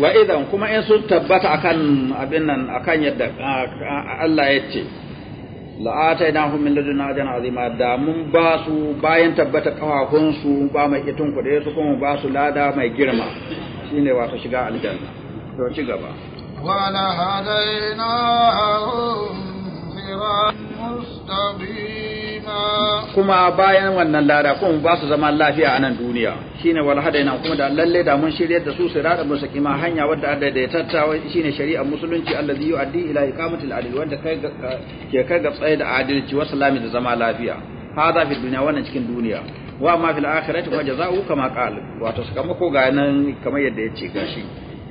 wa idan kuma in sun tabbata akan abin nan akan yadda Allah ya ce hum min ladunna ajran azima da mun ba su bayan tabbata kafafun su ba mai itun da su kuma ba su lada mai girma shine wato shiga aljanna to ci gaba wa la hum sirat mustaqim kuma bayan wannan lada kuma ba su zama lafiya a nan duniya shi ne wal yana kuma da lalle da mun shirya da su musu kima hanya wadda Allah da ya tattawa ne shari'ar musulunci allazi yu'addi ila iqamatil adil wanda ke kai ga tsaye da adalci wa salami da zama lafiya hada fi duniya wannan cikin duniya wa ma fil akhirati wa jazaa'u kama qala wato su sakamako ga nan kamar yadda ya ce gashi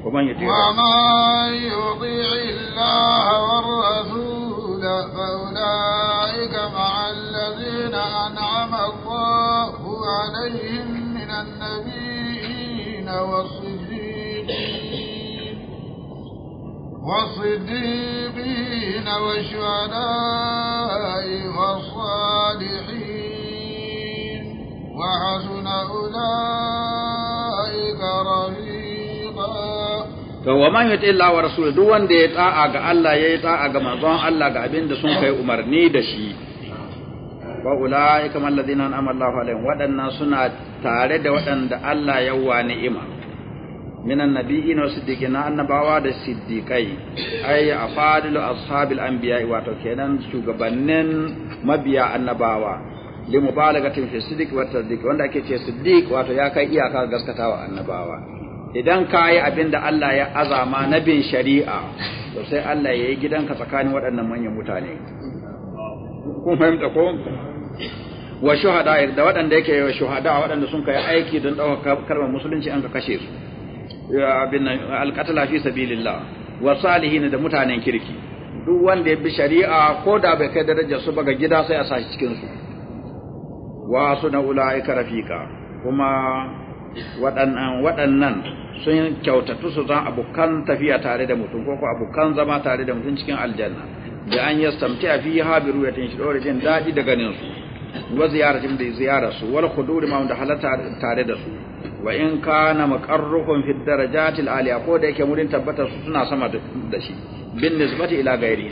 kuma ومن ya الله والرسول فأولئك مع الذين أنعم الله عليهم من النبيين والصديقين والصديقين والشهداء والصالحين وحسن أولئك to wa man yuti illa wa rasul duk wanda ya ta'a ga Allah yayi ta'a ga manzon Allah ga abin da sun kai umarni da shi wa ulaika man ladina an'ama Allahu alaihim wadannan suna tare da wadanda Allah ya wa ni'ima minan nabiyyin wa siddiqina annabawa da siddiqai ay afadilu ashabil anbiya wato kenan shugabannin mabiya annabawa limubalagatin fi siddiq wa tasdiq wanda ake ce siddiq wato ya kai iyaka gaskatawa annabawa idan ka yi abin da Allah ya azama na bin shari'a to sai Allah ya yi gidanka tsakanin waɗannan manyan mutane kun fahimta ko wa shuhada da waɗanda yake wa shuhada waɗanda sun kai aiki don ɗaukar karɓar musulunci an ka kashe su alƙatala fi sabilillah wa salihin da mutanen kirki duk wanda ya bi shari'a ko da bai kai darajar su ba gida sai a sashi cikin su wa suna ula'ika rafiqa kuma waɗannan waɗannan sun kyautatu su zan abokan tafiya tare da mutum ko abokan zama tare da mutum cikin aljanna da an yi yastamti a fiye habiru ya tun shi ɗaure jin daɗi da ganin su wa ziyaratin da ziyara su wani kuduri ma da halatta tare da su wa in ka na makarrukun fi darajatil aliya ko da yake murin tabbatar su suna sama da shi bin nisbati ila gairi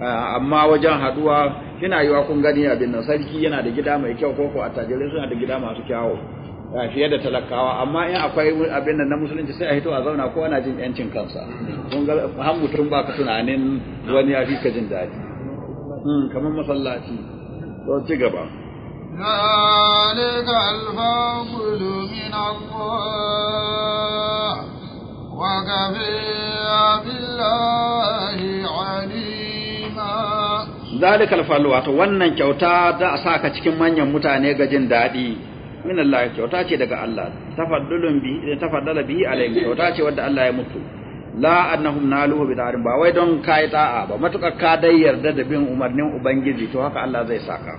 amma wajen haduwa yana yiwa kun gani a nan sarki yana da gida mai kyau ko ko attajirai suna da gida masu kyawu fiye da talakawa amma in akwai abin da na musulunci sai a hito a zauna ko ana jin yancin kansa kun ga han mutum ba ka tunanin wani ya fi ka jin daɗi hmm, kamar masallaci to ci gaba ذلك الفضل من الله وكفى بالله عليما ذلك الفضل wato wannan kyauta da a saka cikin manyan mutane ga jin daɗi min Allah kyauta ce daga Allah tafaddulun bi tafaddala bihi alaihim kyauta ce wanda Allah ya mutu la annahum naluhu bi darin ba wai don kai ta'a ba matukar ka dai yarda da bin umarnin ubangiji to haka Allah zai saka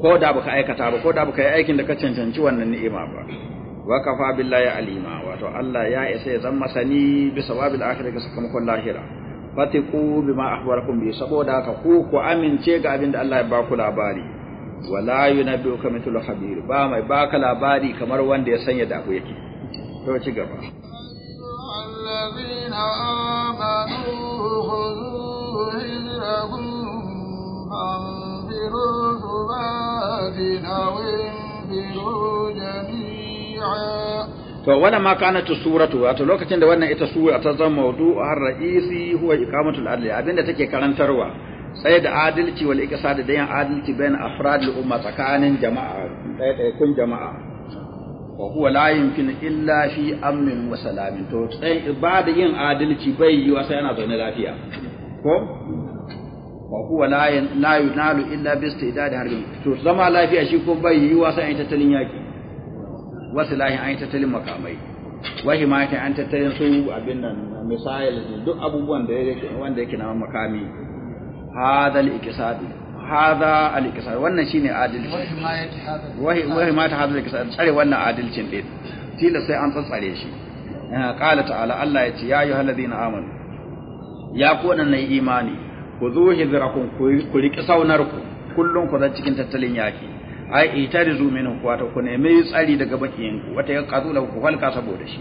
ko da baka aikata ba ko da baka yi aikin da ka cancanci wannan ni'ima ba wa kafa billahi alima wato Allah ya isa ya zama sani bi sawabil akhirah ga sakamakon lahira fatiqu bima akhbarakum bi saboda haka ku ku amince ga abin da Allah ya ba ku labari wala yunabbi'uka mithlu khabir ba mai baka labari kamar wanda ya sanya dafu yake to ci gaba to wannan ma kana ta suratu wato lokacin da wannan ita suwa ta zama har ra'isi huwa iqamatul adl abinda take karantarwa sai da adalci wal iqsad da yin adalci bayan afrad al umma tsakanin jama'a ɗaya ɗaya kun jama'a wa huwa la yumkin illa fi amnin wa salamin to tsayin ibada yin adalci bai yi wa sai ana zaune lafiya ko wa huwa la la yunalu illa bi istidad harbin to zama lafiya shi ko bai yi wa sai an tattalin yaki wa salahin an tattalin makamai wa himayata an tattalin su abin nan misali duk abubuwan da yake wanda yake na makami هذا hada هذا الاقتصاد wannan shine adalci wahi ma ta hada الاقتصاد tsare wannan adalcin din tilas sai an tsare shi qala ta'ala Allah ya ce ya ayyuhal ladina amanu ya ku nan imani ku zo hijrakum ku riki saunarku kullun ku zan cikin tattalin yaki ai itarizu minhu wato ku nemi tsari daga bakiyanku wata ya qazula ku halka saboda shi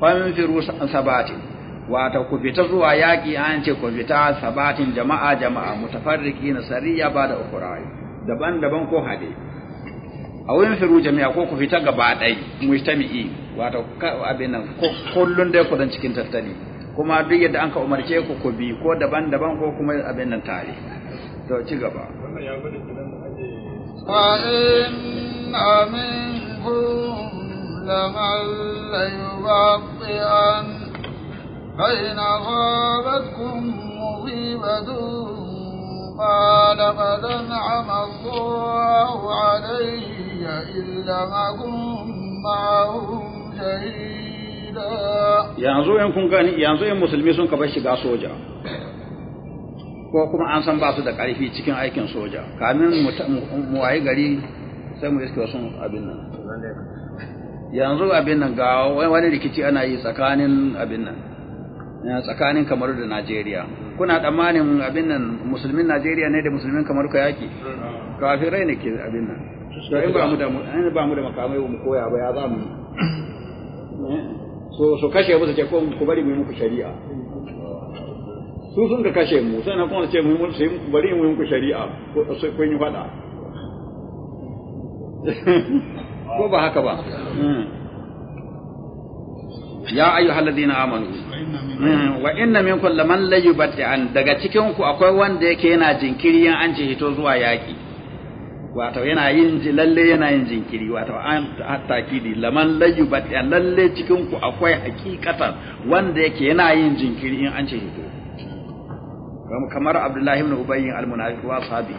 fanfiru sabatin wato ku fita zuwa yaƙi an ce ku fita sabatin jama'a jama'a mutafarriki na sariya ba da ukurai daban-daban ko haɗe a wurin firu jami'a ko ku fita gaba ɗai mujtami'i wato abin nan kullun dai ku dan cikin tattali kuma duk yadda an ka umarce ku ku bi ko daban-daban ko kuma abin nan tare to ci gaba wannan ya gudu kidan mu aje fa in فإن أصابتكم مصيبة قال قد أنعم الله علي إلا ما أكن معهم شهيدا yanzu in kun gani yanzu in musulmi sun ka bar shiga soja ko kuma an san ba su da ƙarfi cikin aikin soja kamin mu waye gari sai mu iske wasu abin nan yanzu abin nan ga wani rikici ana yi tsakanin abin nan Eh, tsakanin kamaru da najeriya kuna tsammanin abin nan musulmin najeriya ne da musulmin kamaru ka yaki kafirai ne ke abin nan to in ba mu da in ba mu da makamai mu koya ba ya za mu so so kashe mu ce ko ku bari mu muku shari'a su sun ka kashe mu sai na kuma ce mu sai bari mu muku shari'a ko sai kun yi fada ko ba haka ba hmm. ya ayyuhalladhina amanu mm, wa inna minkum laman la an daga cikin ku akwai wanda yake yana jinkiri an ce hito zuwa yaki wato yana yin lalle yana yin jinkiri wato an takidi laman la an lalle cikin ku akwai hakikatan wanda yake yana yin jinkiri yan an ce hito kamar abdullahi ibn ubayy al-munafiq wa sahabi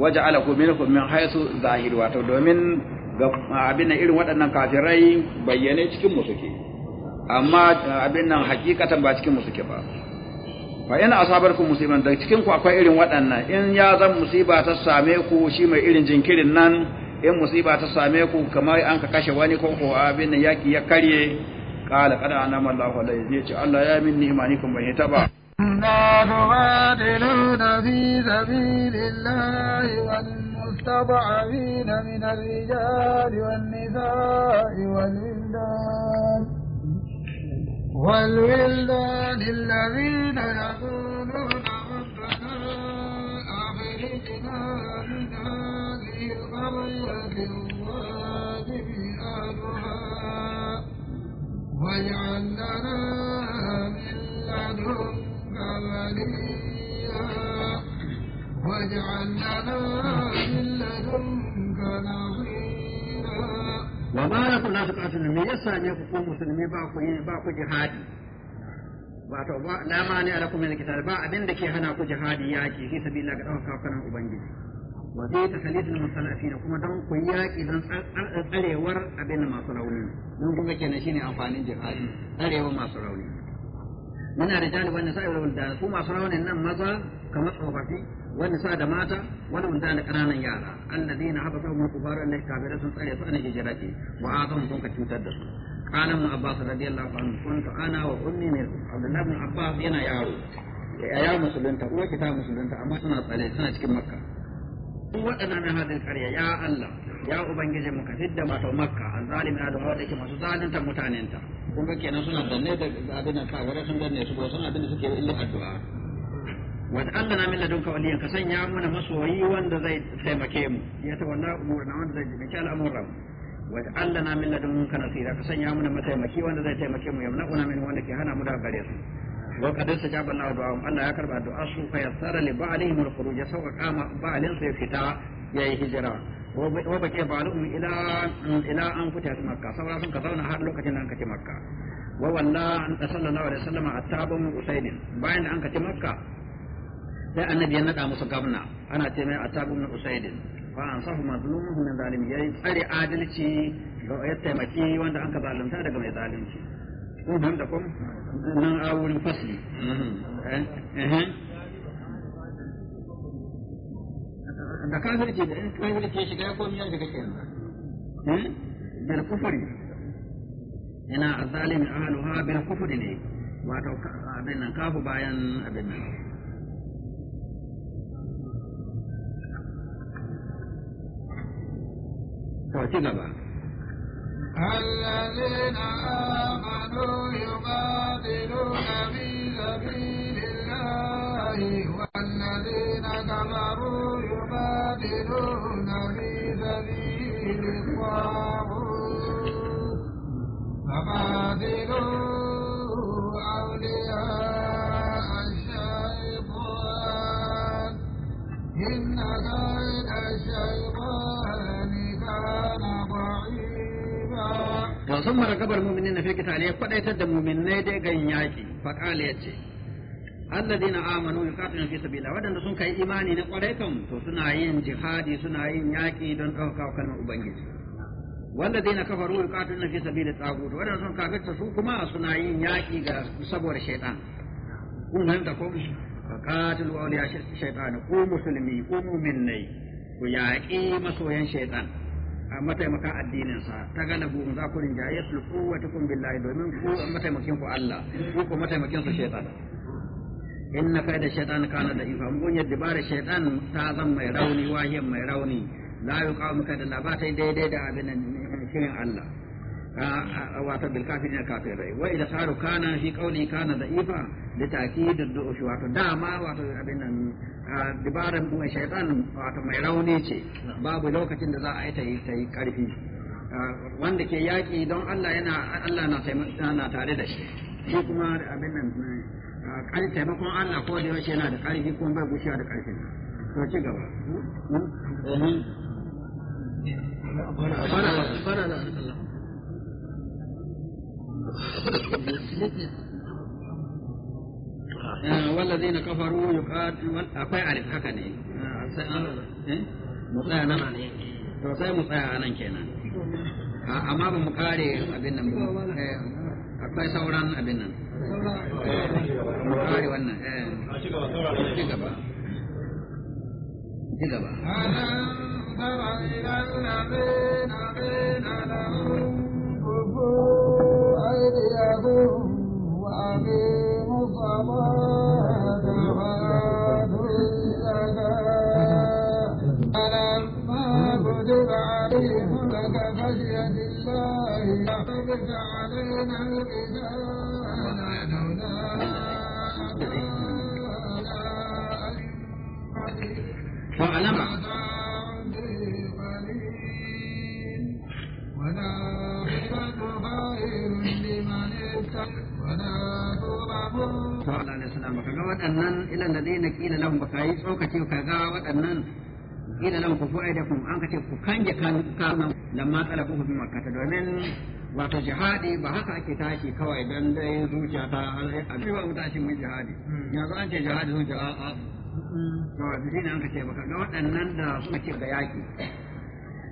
waja'alahu minkum min haythu zahir wato domin ga abin irin waɗannan kafirai bayyane cikin mu suke amma eh, abin nan hakikatan ba cikin musuke ba fa ina asabarku musiban da cikin ku akwai irin waɗannan in ya zan musiba ta same ku shi mai irin jinkirin nan in musiba ta same ku kamar an ka kashe wani ko ko abin nan yaki ya karye qala qad anama Allahu alayhi ce Allah ya min ni'manikum ban taba ba في سبيل الله والمستضعفين من الرجال والنساء والولدان والولدان الذين يقولون ربنا أخرجنا من هذه القرية الوادي أهلها واجعل لنا من لدنك وليا واجعل لنا من لدنك نصيرا wa ma la kun su qatil me yasa ne ku musulmi ba ku yi ba ku jihadi to ba la ma ne alaku min kitab ba abin da ke hana ku jihadi yaki fi sabilillah ga dawaka kana ubangiji wa fi tahlisul musallafin kuma don ku yaki dan tsarewar abin masu rauni mun kuma kenan shine amfanin jihadi tsarewar masu rauni muna da jaliban da sa'ir da su masu raunin nan maza kamar tsofaffi wani sa da mata wani wanda da ƙananan yara allazina habasahum kufaru annaka kafirai sun tsare su an hijrati wa azam sun ka cutar da su Kana mu abbas radiyallahu anhu kuntu ana wa ummi ne abdullah abbas yana yaro ya musulunta uwa ki ta musulunta amma suna tsare suna cikin makka waɗanda min hadin ƙarya ya Allah ya ubangiji muka fidda mata makka an zalimi da wanda yake masu zalunta mutanenta kun ga kenan suna danne da abin da kafirai sun danne su ko suna abin da suke illa addu'a waj'alna na min ladunka waliyan ka sanya mana masoyi wanda zai taimake mu ya tawalla umurna wanda zai jibinci al'amuran waj'alna na min ladunka nasira ka sanya mana mataimaki wanda zai taimake mu una min wanda ke hana mu da gare su wa qad sajaba na addu'a Allah ya karba addu'a su fa yassara li ba'lihim al-khuruj sauka kama ba'lin sai fita yayi hijira wa baqiya ba'luhum ila ila an fita makka saura sun ka zauna har lokacin da an kace makka wa walla an sallallahu alaihi wasallam attabun usaydin bayan da an kace makka sai annabi ya nada musu gabna ana ce mai atabu min usaidin fa ansahu mazlumun min zalim yayi tsare adalci ga ya taimaki wanda an ka zalunta daga mai zalunci ko ban da kom nan a wurin fasli eh, eh, eh. da kafirci da in kafirci shiga ya komi daga kenan kenan da kufuri ina azalimi ahluha bil kufri ne wato abin nan kafu bayan abin nan كاتبا الذين آمنوا يقاتلون في سبيل الله والذين كفروا يقاتلون في سبيل الطاغوت فقاتلوا sun mara gabar muminin na fikita ne kwadaitar da muminai dai gan yaki faƙala ya ce alladina amanu yuqatiluna fi sabilillah wadanda sun kai imani na kwarai kan to suna yin jihadi suna yin yaki don ɗaukaka kalmar ubangiji walladina kafaru yuqatiluna fi sabilit tagut wadanda sun kafirta su kuma suna yin yaki ga saboda shaytan kun nan da ko faqatilu awliya shaytan ku musulmi ku mu'minnai ku yaqi masoyan shaytan mataimaka addininsa ta galabu za ku rinjaye su kuwatukum billahi domin ku mataimakin ku Allah ku ku mataimakin su shaytan inna shaytan kana da ifa mun yadda bare shaytan ta zan mai rauni wahiyan mai rauni la yuqamu kada la ba ta daidai da abin shirin Allah wato bil kafin ya kafin rai wai da saru kana shi kauli kana da ifa da taki da shi wato dama wato abin nan dibaran mu shaytan wato mai rauni ce babu lokacin da za a yi ta yi ta yi karfi wanda ke yaki don Allah yana Allah na na tare da shi shi kuma abin nan kan taimakon Allah ko da yaushe yana da karfi ko bai gushiya da karfi to ci gaba bana bana والذين كفروا يقاتلون أقوى ألف حكا ne eh? mutsaya to sai mu tsaya nan kenan ah, amma ba mu kare abin nan eh, akwai sauran abin nan mu kare wannan eh ci gaba ci gaba waɗannan ilan da na kila lahum ba kayi yi tsokace ka ga waɗannan kila lahum ku fu'ai da kuma an ka ce ku kanje kanunan lamma ku bi makkata domin wato jihadi ba haka ake tashi kawai dan dai zuciya ta alƙalƙi ba mu tashi mun jihadi hmm. yanzu an ce jihadi zuciya a'a hmm. to shi ne an ka ce ba ga waɗannan da suka ce ga yaƙi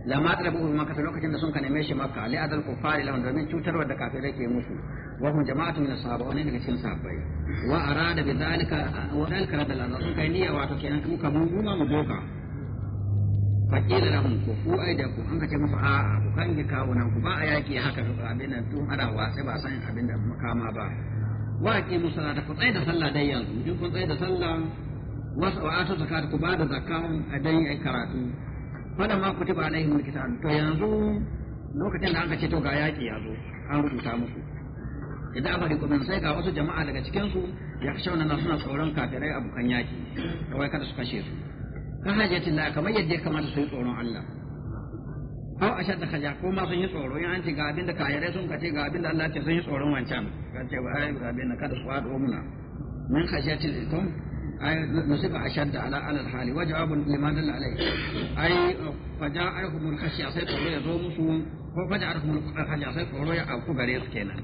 lamma talabu bi makkata lokacin da sun ka neme shi makka li kufari kuffari lahum domin cutarwar da kafirai ke musu Waƙwan jama'a tun ya saba wa ne daga cin saɓai wa'arar da bai da alifan da laɓa kai ni a wato ke a na mun mu boka. Baƙi na naku ko ku ai da ku an ka ce mu ku aa ku kange kawuna ku ba a yaki haka abin da tun hada a wasa ba sa yin abin da kama ba. Waƙi musu a tafattai da sallah ɗan yanzu tun fattai da sallah wa'asau su ka ta ku ba da zakkan a ɗan yankaratu kuma da maku ta ba zan yi mulki yanzu lokacin da an ka ce to ga a yaki an ruɗu ta idan riko nan sai ga wasu jama'a daga cikin su ya fi shauna suna tsoron kafirai abokan yaki kawai kada su kashe su ka hajjatin la kamar yadda ya kamata su yi tsoron Allah a ashadda khaja ko ma sun yi tsoro in an ce ga abin da kafirai sun kace ga abin da Allah ce sun yi tsoron wancan Ka ce ba ai ga abin da kada su fado muna min khajjatil ikum ai musiba shadda ala ala hali wa jawabun liman dalla alai ai arhumul khashya sai tsoro ya zo musu ko arhumul khashya sai tsoro ya auku gare su kenan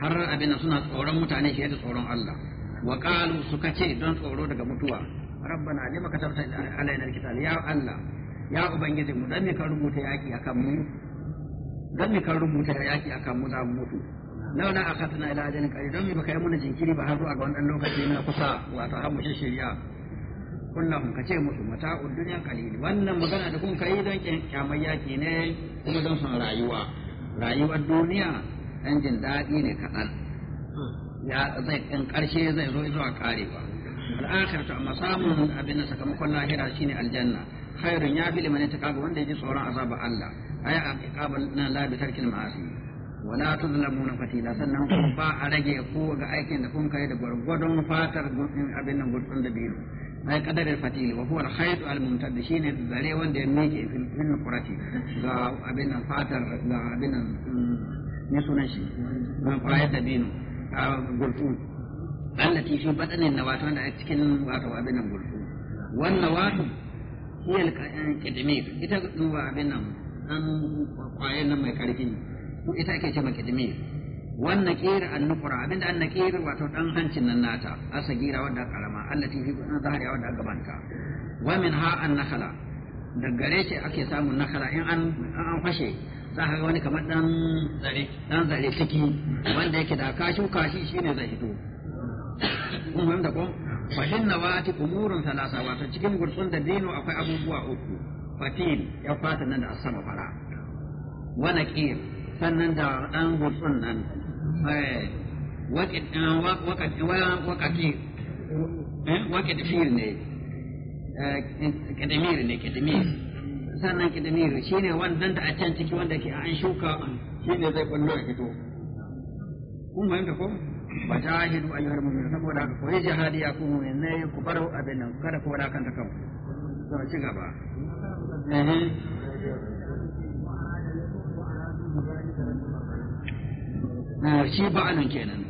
har abin da suna tsoron mutane shi da tsoron Allah wa qalu suka ce don tsoro daga mutuwa rabbana lima katabta alaina alkitab ya Allah ya ubangiji mu dan me ka rubuta yaki akan mu dan me ka rubuta yaki akan mu za mu mutu na akhatna ila ajalin qarib don me baka yi mana jinkiri ba har zuwa ga wannan lokaci na kusa wato har mu shirya ka ce musu mata dunya kalili wannan magana da kun kai don kyamayya ne kuma don son rayuwa rayuwar duniya ɗan jin daɗi ne kaɗan ya zai ɗan ƙarshe zai zo zuwa ƙarewa al'akhir to amma samun abin da sakamakon lahira shine aljanna khairun ya fi liman yataka wanda ya ji tsoron azabar Allah ay aqiqaban na la bi tarkil ma'asi wala tuzlamuna fatila sannan kuma ba a rage ko ga aikin da kun kai da gwargwadon fatar gurbin abin nan gurbin da biyu ay qadarin fatili wa huwa al-khayt al-mumtad shine zare wanda ya miƙe fil qurati ga abin nan fatar ga abin nan ne sunan shi kwayar da binu a gurfu allati fi badanin cikin wato gurfu wannan wato eh, ita duba an kwayar nan mai karfi ita ake wannan abinda an nakira wato dan hancin nan nata asagira karama allati fi zahari gabanta wa min ha an nakhala da gare shi ake samun nakhala in an an fashe za ka ga wani kamar dan zare dan zare ciki wanda yake da kashin kashi shine zai hito kun da ko fa hinna wati umurun salasa wato cikin gurtsun da dino akwai abubuwa uku fatil ya fata nan da asama fara wa naqir sannan da dan gurtsun nan eh wakati wakati fir ne kadimir ne kadimir sannan kidiniru shi ne wannan da a can ciki wanda ke an shuka shi ne zai kwallo ya fito kun da ko ba ta hidu ayyuhar mu'min saboda ka koyi jihadi ya kuma yi ku baro abin nan kada ku wada kanta kawo kan to ci gaba ba shi nan kenan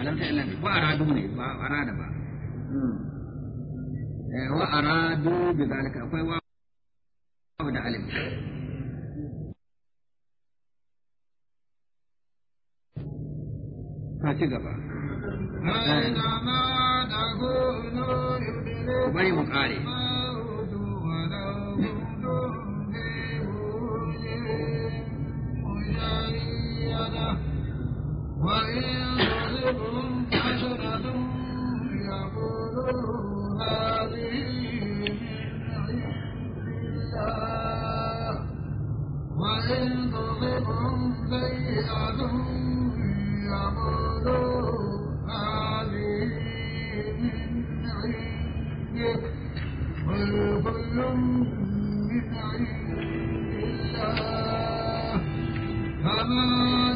alamta illa ba aradu ne ba rada ba hmm. eh, wa aradu bi zalika akwai wa. da alim ta ci gaba ku bari mu kare وإن ضربهم حسنة يقولوا هذه هدى وإن تطبهم سيئة يقولوا هذه من عندك قل كل من عند الله فما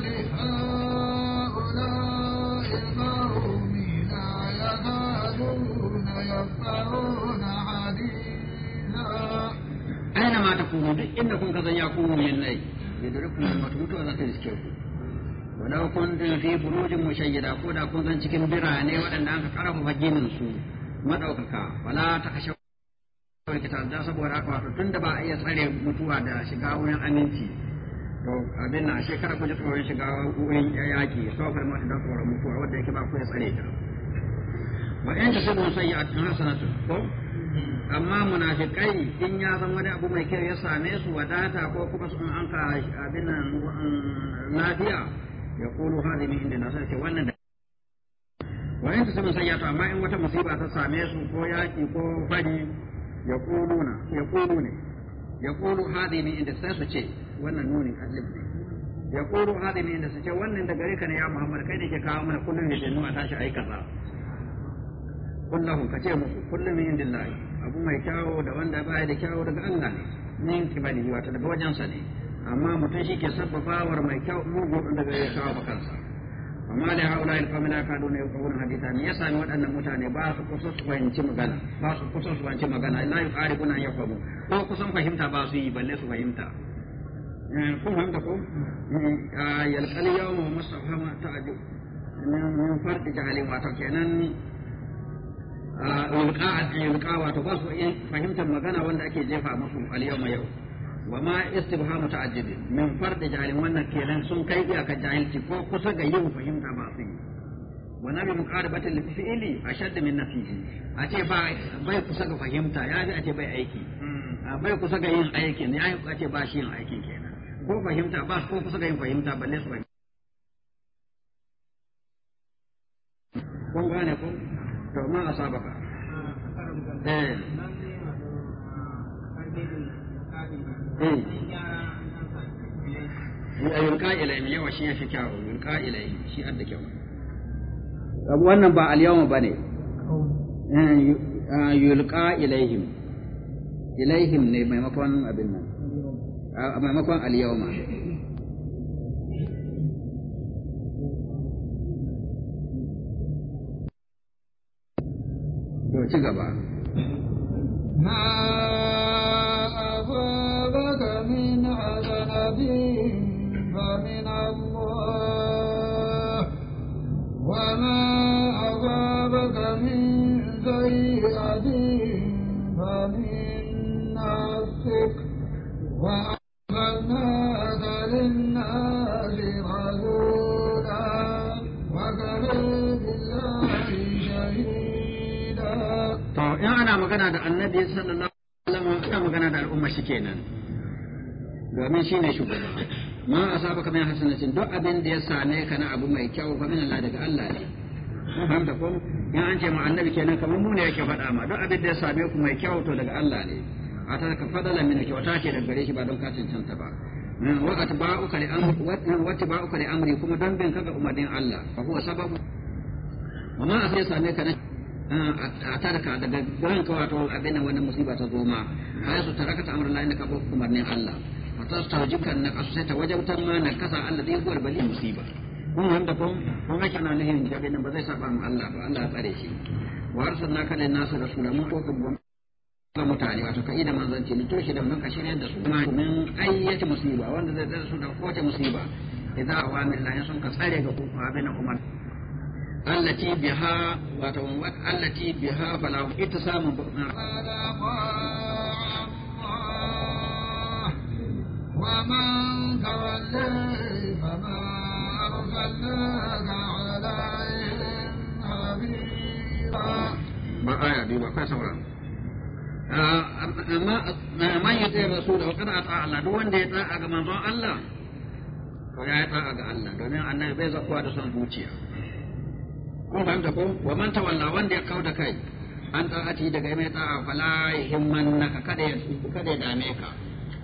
لهؤلاء القوم لا يزالون يفقهون حديثا kaina ma ta kuma duk inda kun ka zan ya kuma yin nai da al-maut mutuwa za ta riske ku kun kuntum fi burujin mushayyada ko da kun zan cikin birane waɗanda an aka karfafa ginin su madaukaka wala ta kashe wani da saboda haka wato tunda ba a iya tsare mutuwa da shiga wurin aminci to abin na shekara kun ji tsoron shiga wurin yaki sofar mata da tsoron mutuwa wanda yake ba ku ya tsare ta wa in ta sabon sayyi'atun hasanatu ko amma munafikai in ya zama wani abu mai kyau ya same su wadata ko kuma sun an ka abin mm, lafiya ya kulu hadi min inda nasar ce wannan da wayan su sun sanya to amma in wata musiba ta same su ko yaki ko fari ya na ya kulu ne ya kulu hadi min inda sai su ce wannan nunin azlib ne ya kulu hadi min inda su ce wannan da gare ka ne ya Muhammad kai ne ke kawo mana kullun ne da nuna tashi aikata kaza kullahum ka ce musu kullum min indillahi abu mai kyawo da wanda ba da kyawo daga Allah ne min kibali wato daga wajensa ne amma mutum shi ke sabbabawar mai kyau mugu daga ya kawo bakansa amma da haula ilfa famila ka dole ya kawo hadisa ne ya sami waɗannan mutane ba su kusa su fahimci magana ba su kusa su fahimci magana kuna yuqaribuna yaqabu ko kusan fahimta ba su yi balle su fahimta eh, kun hanta ko eh, yalqal yawma mustafhama ta'jub min farɗi jahalin wato kenan yulqa yulqa wato ba su fahimtar magana wanda ake jefa musu al-yawma yau wa ma istibhamu ta'addid min fard jahilin wannan kenan sun kai iyakar jahilci ko kusa ga yin fahimta ba su yi wa nabi muqarabati al-fi'li ashadd min nafihi a ce ba bai kusa ga fahimta ya ji a ce bai aiki hmm. bai kusa ga yin aikin ya a ce ba shi yin aiki kenan ko fahimta ba ko kusa ga yin fahimta balle su kun gane ko to ma asabaka eh yawa shi ya fi shi adda kyau wannan ba al-yawma bane yulka ne maimakon abin nan maimakon al to ci gaba annabi sallallahu alaihi wasallam ana magana da al'umma shi kenan domin shine shugaba ma asabaka min hasanatin duk abin da ya same ka na abu mai kyau fa min daga Allah ne mun da ko in an ce ma annabi kenan kamar mu ne yake faɗa ma duk abin da ya same ku mai kyau to daga Allah ne a ta ka fadala min wata ce daga gare shi ba don ka canta ba wa atba'uka li amri wa atba'uka li amri kuma don bin kaga umarnin Allah fa huwa sababu amma a sai same ka na a taraka daga gurin ka wato abin nan wannan musiba ta zoma hay su taraka ta amrullah innaka ko umarnin Allah fa tastawjikan na kasu sai ta wajabtan ma na kasa Allah zai gwar bali musiba kun wanda kun kun ga kana nahin da abin nan ba zai saba mu Allah ba Allah ya tsare shi wa arsalna kana nasu rasula mun ko kun ga mutane wato ka ida manzanci ni to shi da mun ka shirye da su kuma mun ayyata musiba wanda zai tsare su da kowace musiba idan awamin Allah sun ka tsare ga kuma abin nan umar allati biha wato allati biha fala ita samun ومن تولي فما أرسلناك عليهم حفيظا ما آية دي ما سورة ما يطيع الرسول وقد أطاع الله دون دي يطاع منظر الله فلا يطاع الله دون أنه بيزقوا هذا صنبوتيا kun fahimta ko wa man tawalla wanda ya kau da kai an ta ati daga mai ta a fala himman na ka kada ya kada ya dame ka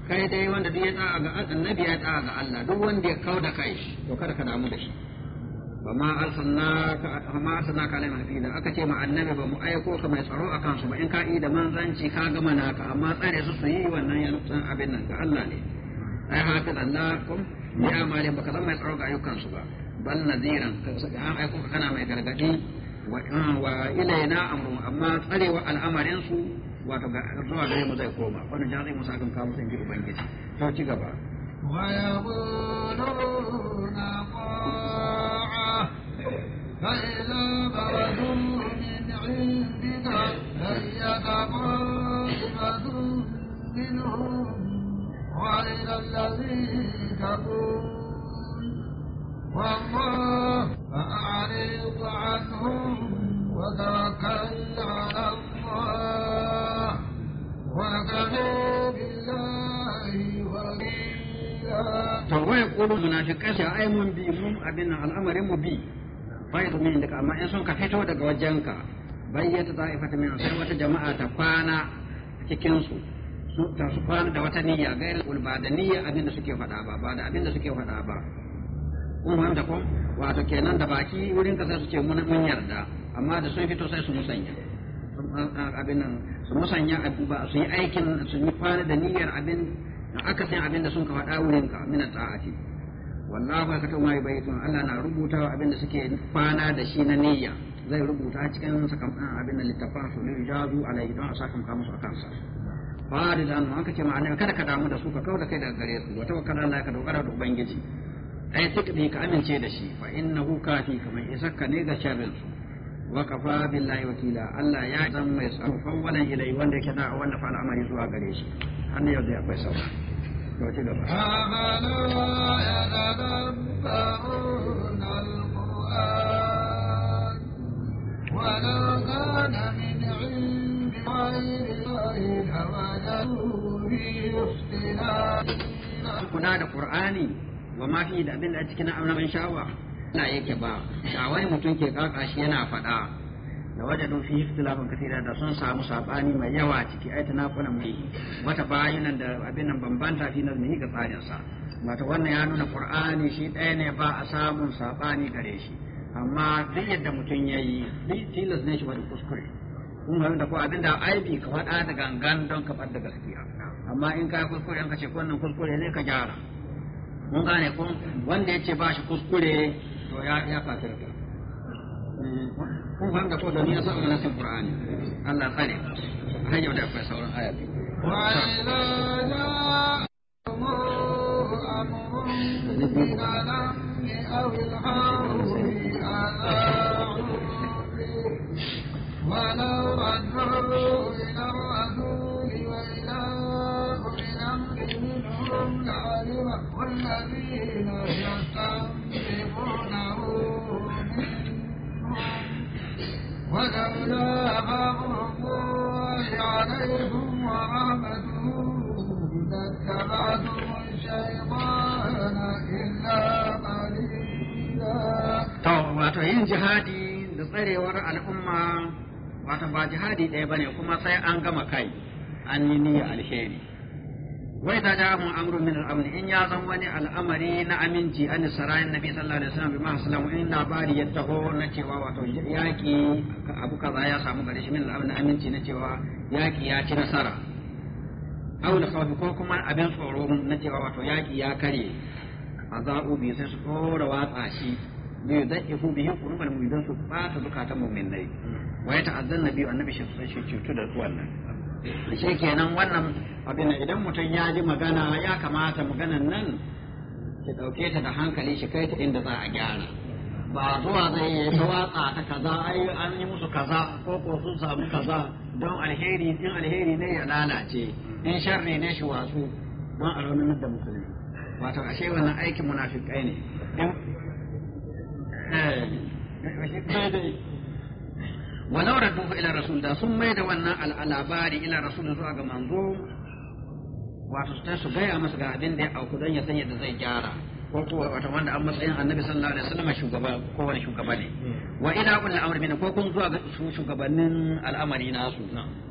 kai dai wanda duk ya ta ga annabi ya ta ga Allah duk wanda ya kau da kai to kada ka damu da shi fa ma arsalna ka fa ma arsalna ka lana aka ce ma annabi ba mu aiko ka mai tsaro akan su ba in ka yi da manzanci ka gama na ka amma tsare su su yi wannan ya nutsan abin nan ga Allah ne ai hafiza Allah kun ya malin baka zama mai tsaro ga ayyukan su ba bal nadiran an aiko ka kana mai gargadi wa ilaina amru amma tsarewa al'amarin su wato ga zuwa gare mu zai koma wannan zai musa kan kawo sun ji ubangiji to ci gaba ويقولون ya فإذا بردوا من والله فأعرض عنهم وتوكل على الله وكفى بالله وكيلا ويقول المنافقين سيأيمن بإمم أبنا الأمر مبين fayar min daga amma in sun ka fito daga wajenka bayyana bayyata ta'ifata min sai wata jama'a ta kwana cikin su ta su kwana da wata niyya gairin ulba da niyya abin da suke faɗa ba ba da abin da suke faɗa ba kun fahimta ko wato kenan da baki wurin ka sai su ce mun yarda amma da sun fito sai su musanya abin nan su musanya ba su yi aikin su yi kwana da niyyar abin aka san abin da sun ka faɗa wurin ka mina ta'ati wallahu ya katuma yi baitun Allah na rubuta abin da suke kwana da shi na niyya zai rubuta cikin sakamakon abin da littafan su ne jazu alai don a sakan kamu su akan sa fari da an ka ce ma'ana kada ka damu da su ka da kai daga gare su wata wakala Allah ka dogara da ubangiji ai tukdi ka amince da shi fa innahu kafi kamar isakka ne ga sharrin su wa kafa billahi wakila Allah ya zan mai tsarfan wannan ilai wanda yake da wanda fa al'amari zuwa gare shi har ne yadda akwai sauka to ci gaba ولو كان من عند غير الله لوجدوا Ku na da القرآن wa ma fi da abin da cikin amran sha'awa Allah yake ba shawai mutum ke karka shi yana faɗa da wajadun fi ikhtilafin kathira da sun samu sabani mai yawa ciki ai kuna mai wata bayanan da abin nan bambanta fi nazmi ga tsarin sa wato wannan ya nuna qur'ani shi ɗaya ne ba a samun sabani gare shi amma duk yadda mutum yayi duk tilas ne shi wani kuskure kun ga da ko abin da aibi ka faɗa da gangan don ka faɗa gaskiya amma in ka kuskure an ka ce wannan kuskure ne ka gyara mun gane ko wanda ya ce ba shi kuskure to ya ya kafir kafirta kun fahimta ko da ni ya saba nasin qur'ani Allah kare har yau da akwai sauran aya ولو ردوا To, yin jihadi da tsarewar al’umma wato ba jihadi ɗaya ba ne kuma sai an gama kai an yi niyyar alheri. wai da jahu amru min al-amn in ya zan wani al'amari na aminci an sarayin nabi sallallahu alaihi wasallam bi mahsalam in labari ya taho na cewa wato yaki abu kaza ya samu gare shi min al-amn aminci na cewa yaki ya ci nasara aw la khawfi ko kuma abin tsoro na cewa wato yaki ya kare azabu bi sai su tsora watsa shi ne da ifu bihi mu idan su ba ta zukatan mu'minai wai ya ta'azzan nabi annabi shi sai shi cutu da wannan shi kenan wannan abin idan mutum ya ji magana ya kamata maganan nan shi ɗauke ta da hankali shi kai ta inda za a gyara ba zuwa zai yi ta watsa ta kaza ai an yi musu kaza ko ko sun samu kaza don alheri in alheri ne ya lalace in sharri ne shi wasu don a raunin da musulmi wato ashe wannan aikin munafikai ne walau radduhu ila rasul da sun mai da wannan al'abari ila rasul zuwa ga manzo wato su su gaya masa ga abin da ya auku don ya san yadda zai gyara ko kuwa wata wanda an matsayin annabi sallallahu alaihi wasallam shugaba ko wani shugaba ne wa ila ulil amri min ko kun zuwa ga shugabannin al'amari nasu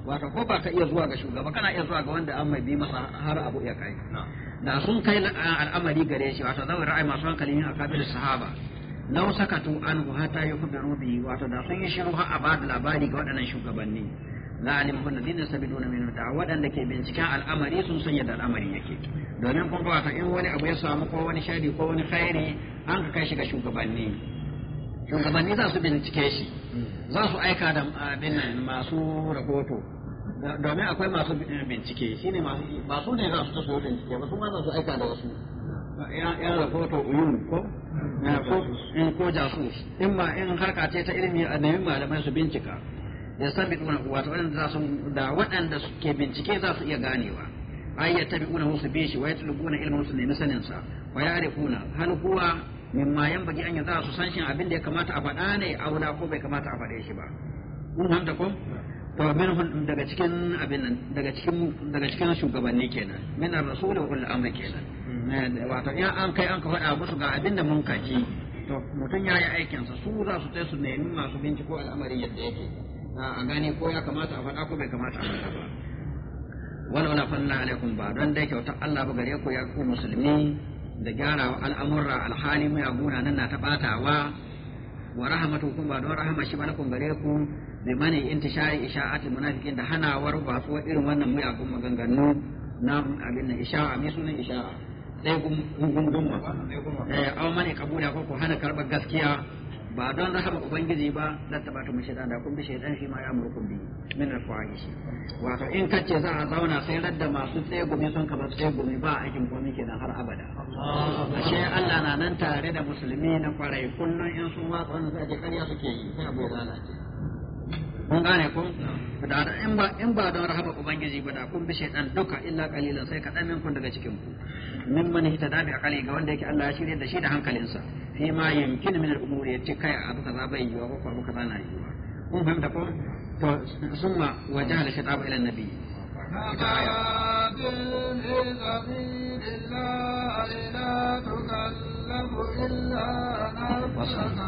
wato ko ba ka iya zuwa ga shugaba kana iya zuwa ga wanda an mai bi masa har abu ya kai da sun kai al'amari gare shi wato zawai ra'ayi masu hankali ne a kafin sahaba لو sakatu عنه حتى يخبروا به wato da sun yi shiru har a bada labari ga waɗannan shugabanni la من alladhina أنك min سكاء الأمر ke binciken al'amari sun san yadda al'amari yake domin kun ga in wani abu ya samu ko wani shari ko wani khairi an ka kai shi ga shugabanni shugabanni za su bincike shi za su aika da abin masu rahoto domin akwai masu bincike shine masu ba su ne za su tafi bincike ba su ma za su aika da wasu Ya rahoto uyun ko Eh, eh, ko jasus in ma in harka ce ta ilimi a nemi malamai su bincika ya san biduna wato waɗanda za su da waɗanda ke bincike za su iya ganewa ai ya tabi una su bi shi wa ya tulbuna ilmin su nemi sanin sa wa ya rifuna hal huwa yan yanbaghi an za su san shin abin da ya kamata a faɗa ne aula ko bai kamata a faɗe shi ba kun hanta ko to min daga cikin abin nan daga cikin daga cikin shugabanni kenan min ar-rasul wa ul amr kenan Eh, wato in an kai an ka faɗa musu ga abin da mun kaji to mutum ya yi aikinsa su za su tai su nemi masu binciko al'amarin yadda yake a gane ko ya kamata a faɗa ko bai kamata a faɗa ba wala wala fanna alaikum ba don dai kyautar Allah ba gare ku ya ku musulmi da gyara al'amurra alhali mu ya guna nan na ta batawa wa rahmatu kun ba don rahama shi malakun gare ku bi mani intishari isha'ati munafikin da hanawar ba irin wannan mu ya maganganu na abin da isha'a me sunan isha'a ɗaya gungunma eh, aw mani kabula ko hana karɓar gaskiya ba don rahamar ubangiji ba zan taɓa ta mushi da kun bi shaidan shi ma ya murkun bi min alfawahish wato in kace za a zauna sai radda masu tsegumi sun kaba tsegumi ba aikin komai kenan har abada ashe Allah na nan tare da musulmi na kwarai kullun in sun watsa wannan sai ƙarya suke yi sai lalace kun gane kun da in ba in ba don rahama ubangiji ba da kun bi shaytan duka illa qalilan sai ka min kun daga cikin ku min man hita da bi ga wanda yake Allah ya shirye da shi da hankalinsa fi ma yankin min al-umuri yace kai abu kaza bai yiwa ko ko abu kaza na yiwa kun fahimta kun to summa wajaha shaytan ila nabi ita aya وصلى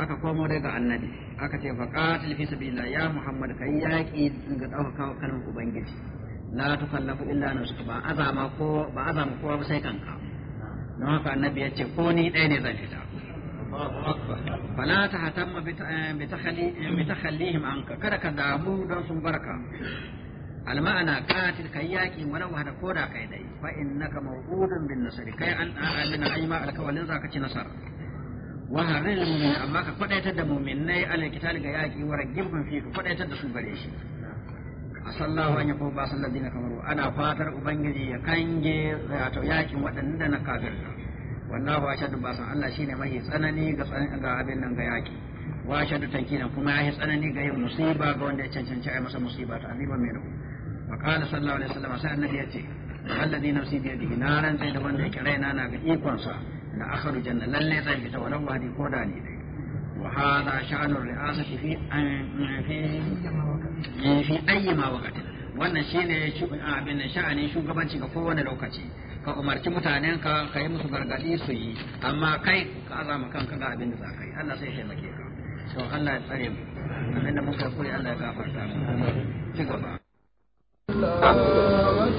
aka komo daga annabi aka ce fa qatil fi sabilillah ya muhammad kai yaki ga dauka kalmar ubangiji la tukallafu illa nafsuka ba azama ko ba azama kowa ba sai kanka don haka annabi ya ce ko ni ɗaya ne zan fita fala ta hatamma bi takhallihim anka kada ka damu don sun barka المعنى قاتل كياكي ولو هذا كودا كيدي فإنك موعود بالنصر كي أن أعلن أيما لك ci nasara. wa ne amma ka kwadaitar da mu'minai alal qital ga yaki wa ragibun fi ka kwadaitar da su gare shi asallahu an ko ba sallal dina kamaru ana fatar ubangiji ya kange wato yaƙin waɗanda na kafirta wallahu ashadu ba san Allah shine mai tsanani ga ga abin nan ga yaki wa ashadu tankina kuma ya tsanani ga yin musiba ga wanda ya cancanci ai masa musiba ta aziban mai rubu wa qala sallallahu alaihi wasallam sai annabi ya ce alladhi nafsi bi yadihi naran sai da wanda yake raina na ga ikon sa la akhrujan lalle zan fita walau wadi ko da ni dai wa hada ri'asati fi fi ma wannan shine abin sha'anin shugabanci ga kowane lokaci ka umarci mutanen ka kai musu gargadi su yi amma kai ka azama kanka ga abin da za ka yi Allah sai ya ka to Allah ya tsare mu da muka koyi Allah ya gafarta mu ci gaba Allah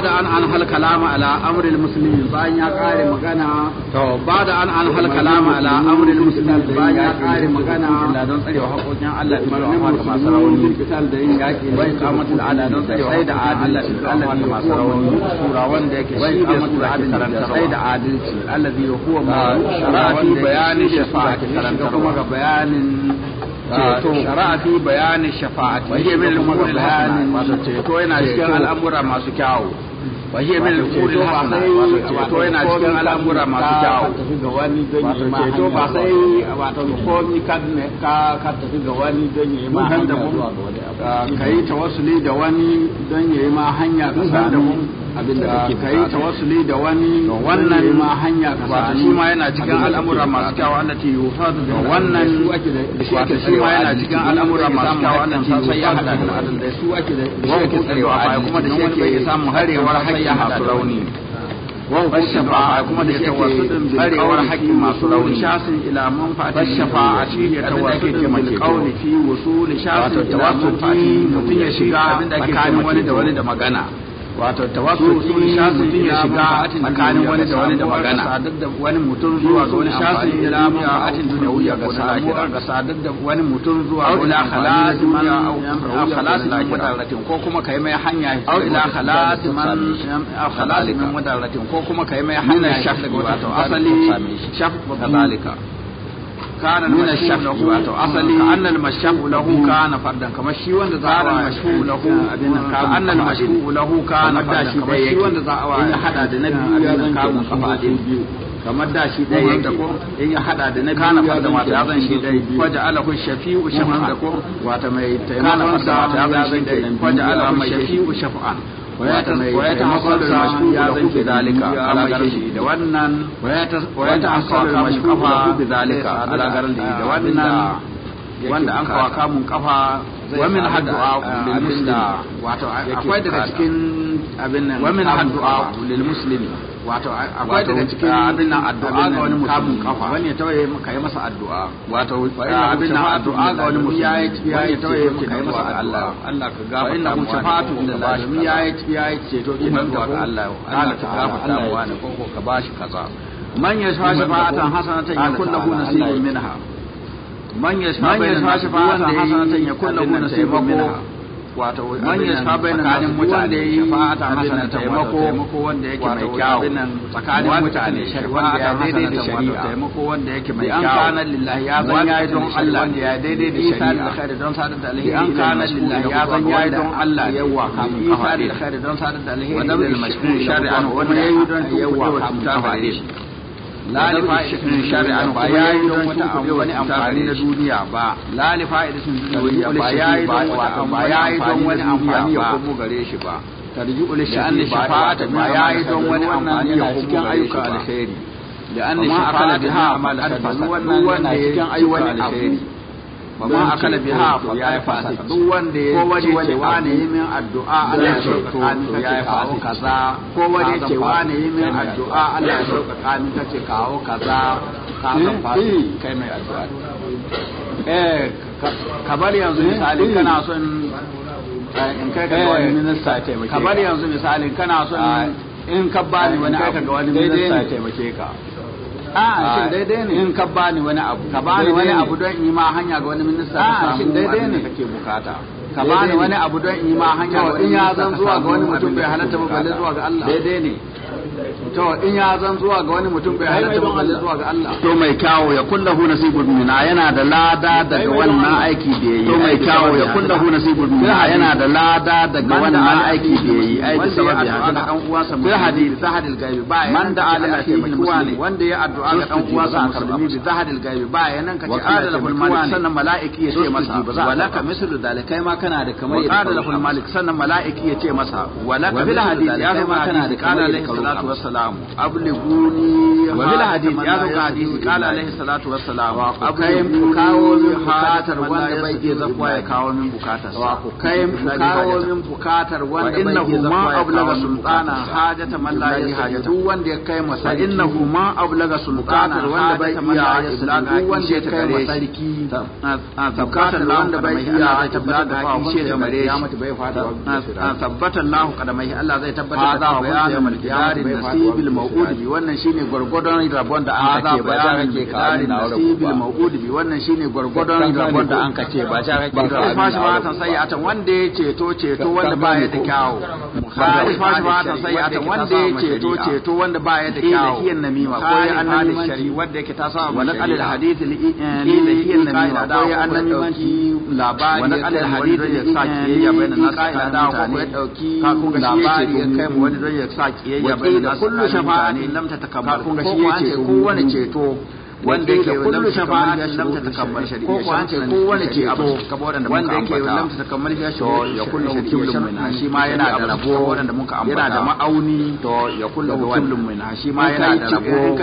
da an an hal kalama ala amril muslimin bayan ya kare magana to ba da an an hal kalama ala amril muslimin bayan ya kare magana Allah don tsare Allah da da yin yaki da ala don tsare sai da Allah da masu sura wanda yake shi da da sai da adalci allazi huwa ma bayani karanta kuma ga bayanin shari'a fi bayanin shafa'ati ne bin lumur da hannun masu ceto yana cikin al'amura masu kyawu wa shi min al hasana wato yana cikin al'amura masu wato ceto ba sai wato komi ka tafi ga wani don ma hanya ah, da wani don ma hanya ka samu abin da da wani wannan ma hanya ka shi ma yana cikin al'amura masu da wannan wato shi ma yana cikin al'amura masu da su ake da shi ake tsarewa kuma da shi ake samun harewar hakki sai masu rauni wa hukum shafa'a kuma da yake wasudin masu rauni shasin ila manfa'ati shafa'a shi ne tawassul bil qawli fi wusul shasin ila manfa'ati mutun ya shiga tsakanin wani da wani da magana wato tawassul shine shasin ya shiga tsakanin wani da wani da magana da wani mutum zuwa ga wani shasin ya lamu a atin duniya ga sa'a ga sa'a da wani mutum zuwa ga wani khalas man au khalas min mudarratin ko kuma kai mai hanya ila khalas man au khalas min mudarratin ko kuma kai mai hanya shafi wato asali shafi kadalika nuna shafi wato asali ka annal mashhu lahu kana shi wanda za a mashhu lahu abin nan ka annal mashhu lahu kana fardan kamar shi wanda za a wa hada da nabi ya biyu kamar da shi ɗaya yake ko in ya hada da na kana farda mata ya zan shi ɗaya waje da ko wata mai taimaka farda mata ya zan shi ɗaya waje ala kun u shafa'an ويتحصل المشكوك بذلك على قرده دوانا ويتحصل المشكوك بذلك على قرده دوانا wanda an kawo kamun kafa wamin haddu'a lil muslimi wato akwai daga cikin abin nan wamin wato akwai daga cikin abin nan addu'a ga wani mutum kafa wani ya tawaye maka yi masa addu'a wato abin nan addu'a ga wani mutum ya yi tawaye maka yi masa addu'a Allah ka gafa inna mu shafatu inda lazimi ya yi ya yi ceto ki nan ga Allah Allah ka gafa ta mu wani koko ka bashi kaza man ya shafa shafa'atan hasanatan yakun lahu nasibun minha man ya shafa shafa'atan hasanatan yakun lahu nasibun minha wato man ya saba tsakanin mutane shafa'ata hasana taimako taimako wanda yake mai kyau tsakanin mutane shafa'ata hasana taimako taimako wanda yake mai kyau an kana lillahi ya zan yayi don Allah wanda ya daidai da shari'a an kana lillahi ya zan yayi don Allah yawa kamun kafa da khairi don sadar da alheri wa dabbil mashkur shari'an wanda yayi don yawa kamun kafa lalifa idan shari'a ba ya yi don wata wani amfani na duniya ba lalifa idan duniya ba ya yi don wata wani amfani ya kuma gare shi ba tarji'ul sha'an shafa'ata ba ya yi don wani amfani ya kuma ayyukan alheri da an shafa'ata ha amal hadda wannan yana cikin alheri ba ma akala biha ya yi wanda ya ce wani min addu'a Allah ya kawo kaza ko wani ya ce yi min addu'a Allah ya kawo kaza ka eh, san eh. kai mai addu'a eh kabar yanzu misali kana son in kai wani minista ya taimake ka kabar yanzu misali kana in ka bani eh, wani abu daidai taimake ka a shin daidai ne in ka bani wani abu ka bani wani abu don in yi ma hanya ga wani minista a shin daidai ne kake bukata ka bani wani abu don in yi ma hanya ga wani minista in ya zan zuwa ga wani mutum bai halatta ba balle zuwa ga Allah daidai ne to in ya zan zuwa ga wani mutum bai halatta ba balle zuwa ga Allah to mai kawo ya kullahu nasibul mu'mina yana da lada daga wannan aiki da yayi to mai kawo ya kullahu nasibul mu'mina yana da lada daga wannan aiki da yayi ai da sababi haka da dan uwa sa bil hadith zahadil gaibi ba man da ala akhihi muslimi wanda ya addu'a ga dan uwa sa muslimi bi zahadil gaibi ba ya nan ka ce adalul malik sannan mala'iki ya ce masa walaka mislu dalikai ma kana da kamar adalul malik sannan mala'iki ya ce masa walaka bil hadith ya ma kana da kamar ya salatu wassalam abliguni wa bil hadith ya kai ku kawo min zai nasibil mawqud bi wannan shine gurgurdan rabon da an kace ba ja kake ka wuri nasibil mawqud bi wannan shine gurgurdan rabon da an kace ba ja kake ka alin fashi ma ta sai atan wanda ya ceto ceto wanda ba ya da kyawu fashi ma ta sai atan wanda ya ceto ceto wanda ba ya da kyawu kiyan namima ko ya annabi shari wanda yake ta sa wala alil hadith li kiyan eh, namima ko ya annabi labari wala alil hadith ya sa kiyayya bayan nasu da ku ya dauki labari ya kai mu wani zai ya sa kiyayya bayan kullu shafa'atin lam tatakammar ko ko an ce kowane ceto wanda yake shafa'a da lam takammal shari'a ko an ce kowane ke abu wanda yake lam takammal shari'a to ya kullu kiblun min shi ma yana da rabo wanda muka ambata yana da ma'auni to ya kullu kiblun min shi ma yana da rabo uh,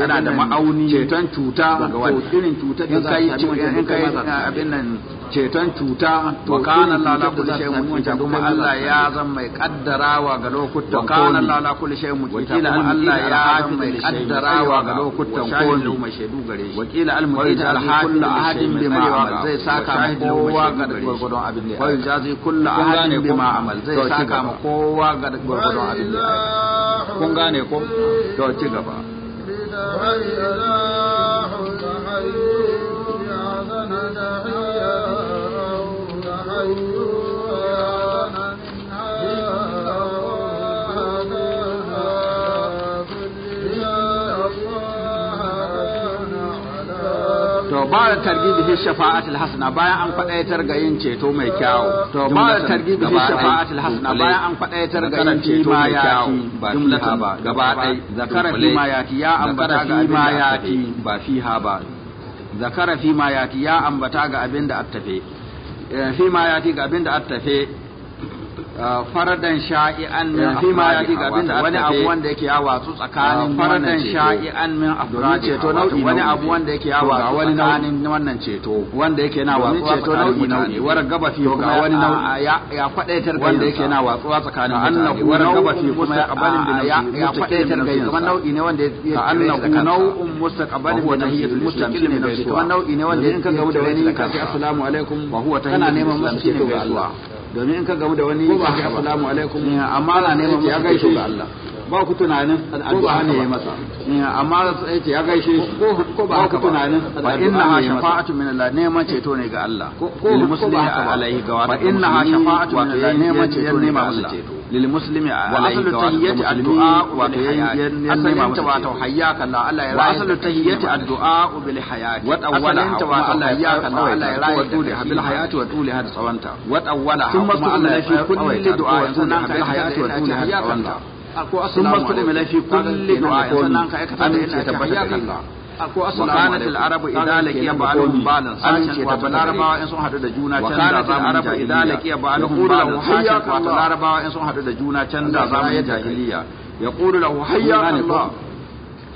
yana da ma'auni ceton cuta to irin cuta da za kai in kai uh, abin nan ceton cuta to kana Allah la kulli shay'in muqita kuma Allah ya zan mai kaddarawa ga lokutan wa kana Allah la kulli shay'in kuma Allah ya zan mai kaddarawa ga lokutan komai shaidu gare shi wakila al mu'id al hakim bima amal zai saka ma kowa ga abin da ya yi jazi kullu ahadin bima amal zai saka kowa ga abin da ya yi kun gane ko to ci gaba targi da targibi fi shafa'atul hasana bayan an faɗaitar ga yin ceto mai kyawu to targi da targibi fi shafa'atul hasana bayan an faɗaitar ga yin ceto mai kyawu ba fi ha ba gaba ɗai zakara fi ma yati ya ambata ga fi ma yati ba fi ha ba zakara fi ma yati ya ambata ga abinda attafe eh, fi ma yati ga abinda attafe Uh, faradan sha'i'an min afradi uh, wani abu wanda yake yawa su tsakanin faradan sha'i'an min afradi ceto nau'i wani abu wanda yake yawa ga wani tsakanin wannan ceto wanda yake na watsuwa ceto nau'i nau'i war gaba fi ga wani nau'i ya kwadaitar kai wanda yake na watsuwa tsakanin mutane war gaba fi kuma ya ya kwadaitar kai kuma nau'i ne wanda ya annahu nau'un mustaqbalin wa tahiyyatul mustaqil min nau'i ne wanda in ka gamu da wani ka ce assalamu alaikum wa huwa tahiyyatul mustaqil min Allah domin ka gamu da wani ko assalamu alaikum amma na neman ya gaishe ga Allah ba ku tunanin addu'a ne ya masa amma sai ce ya gaishe ko ko ba ku tunanin fa inna shafa'atu min Allah ne neman ceto ne ga Allah ko muslimi alaihi ga wa fa inna shafa'atu min Allah ne neman ceto ne ga Allah lil muslimi alayhi wa tahiyyati addu'a wa tahiyyati asalin addu'a bil hayat wa tawwala wa Allah وكانت العرب إذا لقي بعضهم بعضا ساشن واتو لاربا إن سن حدو دا جونا چند وكانت العرب إذا لقي بعضهم بعضا ساشن واتو لاربا إن سن حدو دا جونا چند زامن جاهلية يقول له حياك الله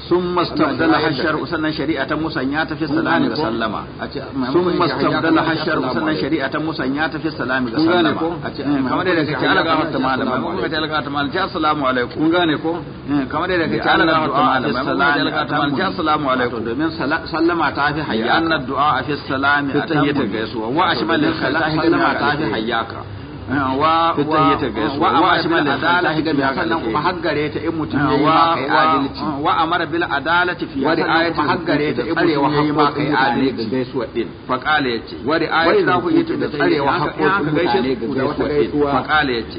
sun mastabdala hashar sannan shari'a ta musanya ta fi salami ga sallama sun mastabdala hashar sannan shari'a ta musanya ta fi salami ga sallama eh, kamar da kake alaga mata malama mun ga alaga ta malama ja assalamu alaikum kun gane ko eh, kamar da kake alaga mata malama mun ga alaga ta malama ja assalamu alaikum domin sallama ta fi hayyaka annad du'a fi salami ta gaisuwa wa ashmalil khalaq ta fi hayyaka wa amara bil adalati ga sannan kuma haggare ta in mutum yayi ma kai adalci wa amara bil adalati fi wa kuma haggare ta in mutum yayi ma kai adalci ga gaisuwa din fa qala yace wa ri'ayati da tsarewa haƙoƙin mutane ga gaisuwa din fa qala yace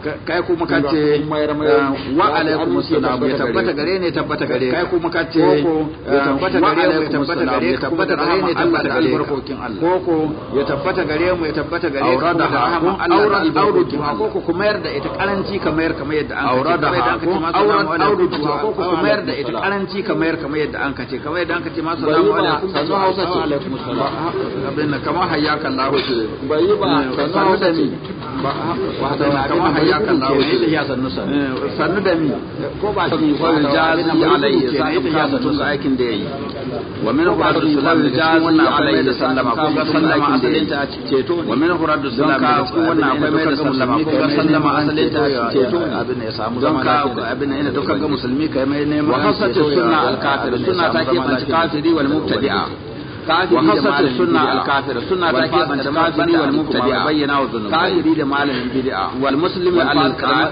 kai kuma ka ce uh, wa alaikum assalam ya tabbata gare ne tabbata gare kai kuma ka ce ya tabbata gare mu ya tabbata gare ka tabbata gare ne tabbata gare albarkokin Allah koko ya tabbata gare mu ya tabbata gare ka da rahama Allah da albarkokin Allah koko kuma yar da ita karanci kamar kamar yadda an kace kamar yadda an kace ma wa alaikum koko kuma yar da ita karanci kamar kamar yadda an kace kamar yadda an kace ma salamu alaikum sanu Hausa kamar hayyaka Allah ce bayi ba sanu Hausa ce wato kamar hayyakan lawo sannu da mi ko ba shi wani jazi alayhi sa'ib ka mutum da aikin da yayi wa min huradu salam jazi alayhi sallama ko ga sallama asalin ta ceto wa min huradu salam ka ko wannan akwai mai da ko ga sallama asalin ta ceto abin ya samu zama lafiya abin ina dukkan ga musulmi kai mai neman wa hasatu sunna al-kafir sunna ta ke ban kafiri wal mubtadi'a وخاصة السنة الكافرة سنة تأكيد الماجن والمبتدع بينا وذنوب كافري لمال البدعة والمسلم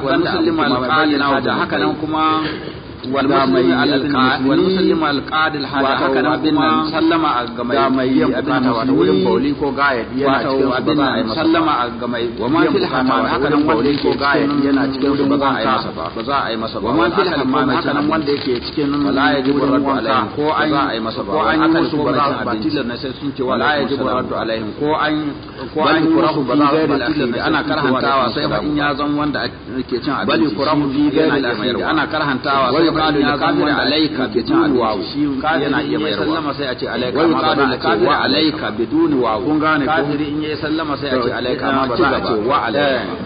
والمسلم القائل هكذا كما wanda mai alƙadi alƙadil kuma sallama ga mai biyan bukata wato wurin bauli ko gayat yana cikin su a yi masa sallama ga mai biyan bukata haka nan bauli ko gayat cikin su ba za ba za a yi masa ba wani fil hamam haka nan wanda yake cikin wala ya jibu ba za a yi masa ba ko an ba na ce ko yi ba za a zan wanda ke cin yuqalu lil kafiri alayka bi ta'al waw yana iya mai sallama sai a ce alayka wa yuqalu lil kafiri alayka bidun waw kun gane ko kafiri in alayka ba ce wa alayka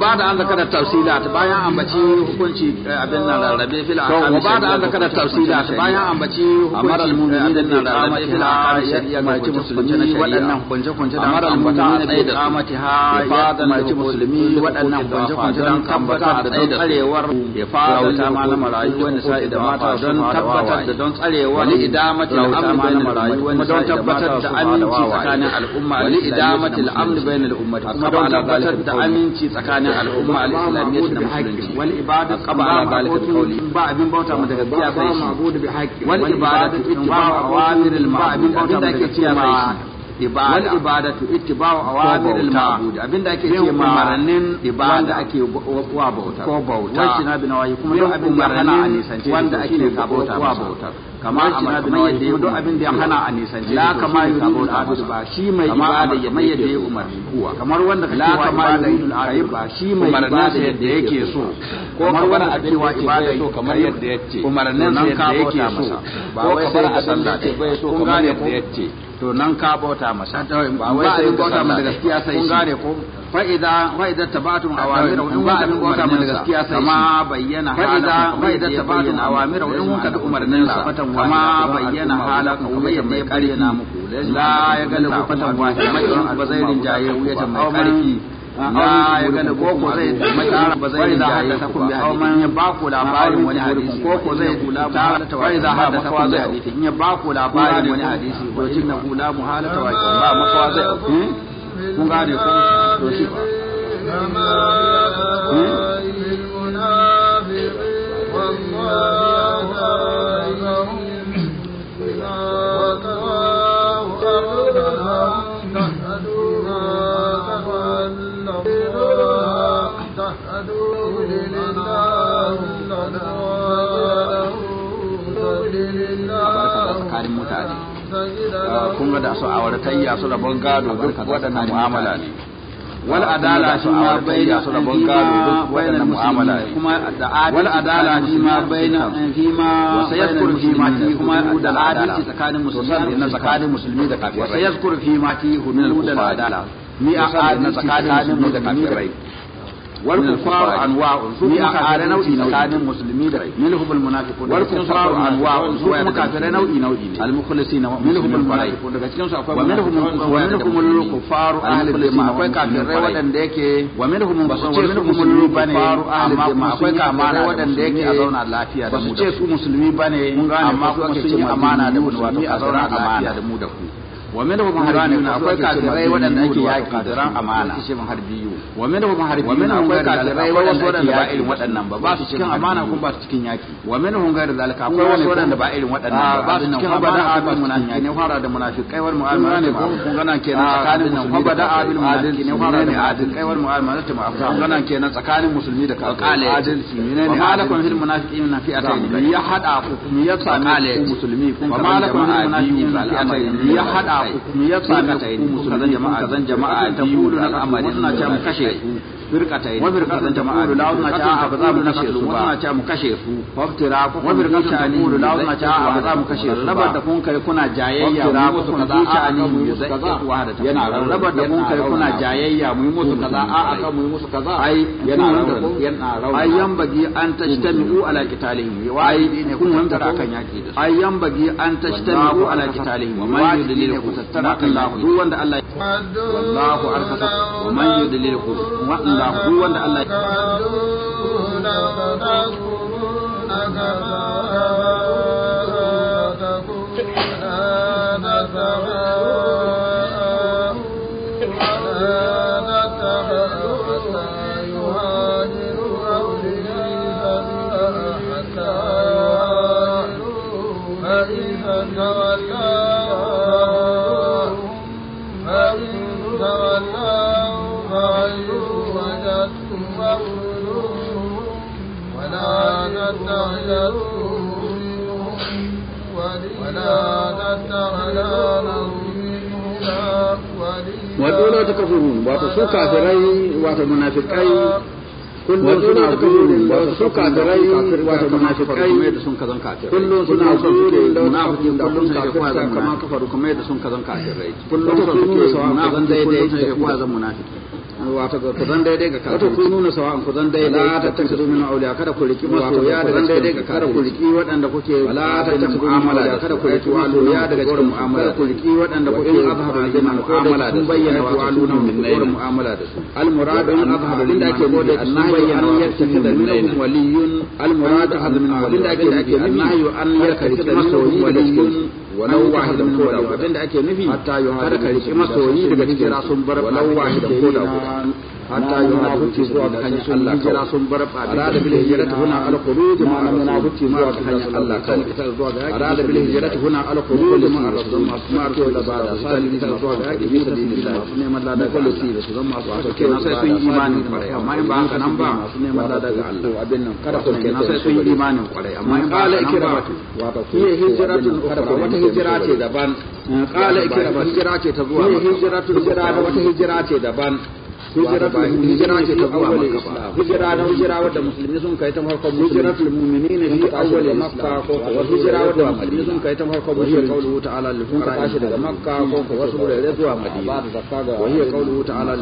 ba da an zakara tafsilat bayan ambaci hukunci eh, abin nan rarrabe fil akami wa ba da an zakara tafsilat bayan ambaci amara almu'minin da rarrabe fil akami shari'a ga musulmi waɗannan kunje kunje da amara almu'minin da iqamati ha ya da musulmi waɗannan kunje kunje dan tabbata da tsarewar ya fara wuta malama rayuwar sai da mata don tabbatar da don tsarewar li idamatil amri bainal rayuwar don tabbatar da aminci tsakanin al'umma li idamatil amri bainal ummati kuma don tabbatar da aminci tsakanin al'umma al da musulunci wal ibadatu qaba ala zalika qawli ba abin bauta mu daga biya sai shi wal ibadatu ittiba awamir al-ma'ruf da ake cewa ibada wal ibadatu ittiba'u awamir al ma'bud abinda ake ce umarnin ibada ake wa bauta ko bauta wacce na bin wayi kuma duk abin da hana a wanda ake ka bauta wa bauta kama amara kuma yadda duk abin da hana a nisance la kama yuridu al ba shi mai ibada ya mai yadda umarni kuwa kamar wanda ka la kama yuridu al ba shi mai ibada yadda yake so ko kamar wanda abin wa ibada so kamar yadda yake umarnin yadda yake so ba wai sai ka sallah ce bai so kamar yadda yake to nan ka bauta masa ba wai sai bauta masa gaskiya sai kun gane ko fa idan fa idan tabatum awamira in ba abin bauta masa gaskiya sai kama bayyana fa idan fa idan tabatum awamira in kun kada umarnin sa kama bayyana halaka ko kuma yadda ya bayyana muku la ya galabu fatan wahid mai ba zai rinjaye wuya ta mai karfi la ya gane ko ko zai matara ba zai da hadda kun bi hadisi in ya ba ku labarin wani hadisi ko ko zai tara ta wai da hadda ta kun bi hadisi in ya ba ku labarin wani hadisi to jin na kula muhalata wa ba makawa zai hmm? kun gane ko to shi والله المنافق والله tsakanin mutane ah, kun ga da su su duk waɗannan mu'amala ne wal ah, adala shi ma su duk waɗannan mu'amala ne kuma da wal adala shi ma ma wa fi ma kuma da adalci tsakanin musulmi eh, na tsakanin musulmi da kafirai wa fi ma hunul adala ni a adalci tsakanin musulmi da kafirai wal kufaru anwa'u su kuma kafirai nau'i bane da a eh, da mu wa min hum harbiyun akwai kafirai waɗanda ake yaki da ran amana wa min hum harbiyun akwai kafirai waɗanda ba irin waɗannan ba ba su cikin amana kuma ba su cikin yaki wa min hum gairu zalika akwai wasu waɗanda ba irin waɗannan ba su cikin amana kuma munafiki ne fara da munafikai wal mu'amala ne kun gana kenan tsakanin nan kuma da abil mu'adil ne fara da adil kai wal mu'amala ta ma'afa kun gana kenan tsakanin musulmi da kafirai adalci ne ne malakum fil munafiqina fi atayn ya hada ku ya sami musulmi kun gana malakum fil munafiqina ya hada ku ya sami ku kuka zan jama'a zan jama'a biyu na al'amari suna ce kashe firqata wa firqatan taqulu la unna ta'a fa za mu kashe su ba ta mu kashe su faftira ku wa firqatan taqulu la unna ta'a fa za mu kashe su rabar da kun kai kuna jayayya mu kaza a ni mu kaza yana da kun kai kuna jayayya mu su kaza a aka mu musu kaza ai yana yana ai yambagi an tajtami'u ala qitalihim wa ai kun wanda akan yaki da ai yambagi an tajtami'u ala qitalihim wa man yudlil ku tattara Allah duk wanda Allah wallahu wa man yudlil ku wa Allah ku wanda Allah ya نجرهم ولا تتعلان wadula ta kafirin wato su kafirai wato munafikai kullum suna gurin wato su kafirai wato munafikai kullum suna gurin munafikin da kullum suke kuwa zan kama kafaru kuma yadda sun kazan kafirai kullum sun suke munafin daidai suke kuwa zan munafiki wato ga kudan daidai ga ku nuna daidai la ta taksidu min auliya kada ku riki ya daga daidai ga kada ku riki waɗanda kuke la ta mu'amala kada ku riki wato ya daga cikin mu'amala ku riki waɗanda kuke min mu'amala da bayyana aluna min mu'amala da su al muradu an ake gode da min waliyun al muradu waliyun ake an waliyun walau wahidan ko da guda abinda ake nufi hatta yuhadu kada ka riki masoyi daga cikin rasul bar walau wahidan ko da guda hatta yuhabitu zuwa ga hanyar Allah hijira sun bar fadin da bil hijrati huna al khuruj ma lam yuhabitu zuwa ga hanyar Allah kan kita zuwa ga arada bil hijrati huna al khuruj ma rasul ma kuma to da ba da sai kita zuwa ga yaki musa din Allah su neman lada ga Allah da su zama su aka kenan sai sun imani kwarai amma in ba haka nan ba su neman lada ga Allah abin nan kada ku kenan sai sun imanin daban hijira ce ta zuwa makka na wadda musulmi sun kai ta mu'minina fi awwal makka ko ko wadda musulmi sun kai ta wa ta'ala tashi daga makka ko ko wasu zuwa madina wa hiya ta'ala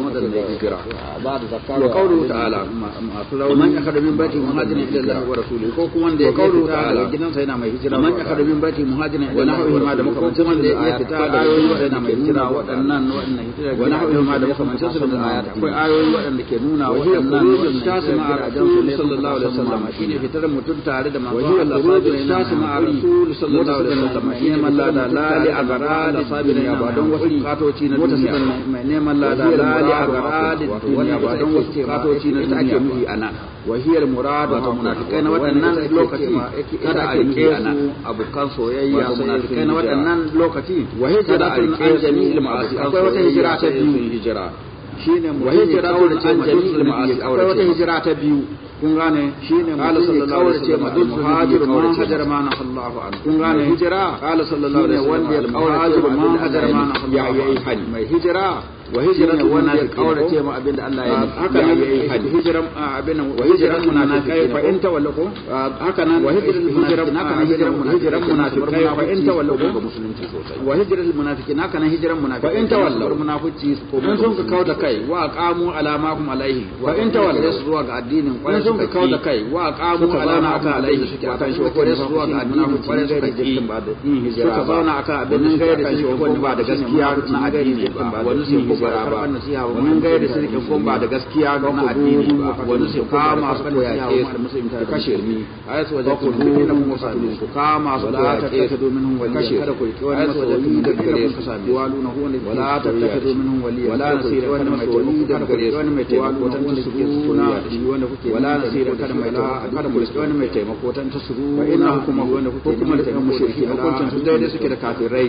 madan da hijira ba da zakka wa ta'ala man min baiti muhajirin ila Allah wa ko kuma wanda ya ta'ala gidan sai na mai hijira man min baiti muhajirin wanda ya fita da ayoyi na mai hijira waɗannan waɗannan hijira anhuma da makamantan su ayat akwai ayoyi waɗanda ke nuna waɗannan tasma a rasul sallallahu alaihi wasallam shine fitar mutum tare da manzo Allah a rasul sallallahu alaihi wasallam shine man la sabira ya ba don wasu katoci na duniya mai neman la la li duniya ba don wasu katoci na duniya ake nufi wahiyar murad na waɗannan lokaci kada a rike soyayya na waɗannan lokaci wahiyar da jami'il ma'asi akwai wata hijira ta biyu hijira shine muhimmin da cewa dukkan ma'asi akwai wata hijira ta biyu kun gane shine mutum ya muhajir man hajar na Allahu an kun gane hijira qala sallallahu alaihi wanda ya ma dukkan na Allahu mai hijira wa hijran munafiqin kaurace mu abinda Allah ya ah, haka nan hijran ah, abin wa hijran munafiqin fa in tawallu ah, haka nan wa hijran hijran haka nan hijran hijran munafiqin fa in tawallu ga musulunci sosai wa hijran munafiqin haka nan hijran munafiqin fa in tawallu munafiqi ko mun sun ka kauda kai wa qamu ala ma hum alaihi wa in tawallu su zuwa ga addinin kwarai ka kauda wa qamu ala ma hum alaihi suke akan shi ko su zuwa ga addinin kwarai suka ki suka zauna akan abin nan gairi su ko ba da gaskiya na addini ba wani su ku ba wannan gaya da sirkin kun ba da gaskiya ga na addini ba wani su kama su koya ke su kashe ni ai su wajen ku ne kuma su su kama su da ke su domin hun kashe kada ku ki wani masoyi da gare su walu na huwa wala ta ta domin hun wali wala na sirri wani masoyi da gare su wani mai taimako tan su ke suna wanda kuke wala na sirri kada mai kada mu riski wani mai taimako tan ta su ina kuma wanda kuke kuma da mushriki hukuncin su daidai suke da kafirai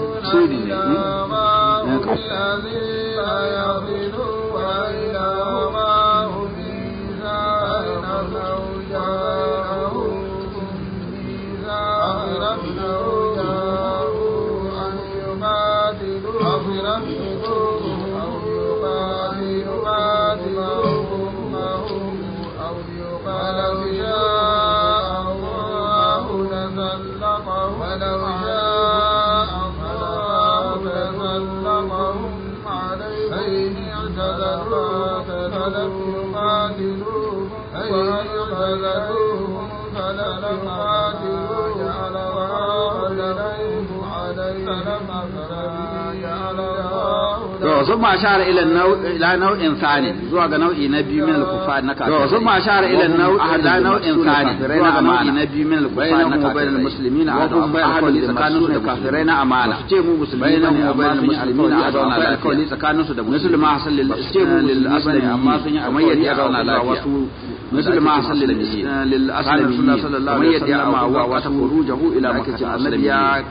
سوري الذين يضلون to sun ma shahara ila nau'in thani zuwa ga nau'i na biyu min al na kafir to sun ma shahara ila nau'in thani zuwa ga nau'i na biyu min al na kafir bainal muslimin ahadun ahadun tsakanin su da kafirai na amana su ce mu musulmai ne amma bainal muslimin ahadun ala kawai tsakanin su da musulma hasal lil islam lil aslam amma sun yi amma ya zauna lafiya مثل ما حصل للأسلم كما يدعى ما وقت خروجه إلى مكة النبي يا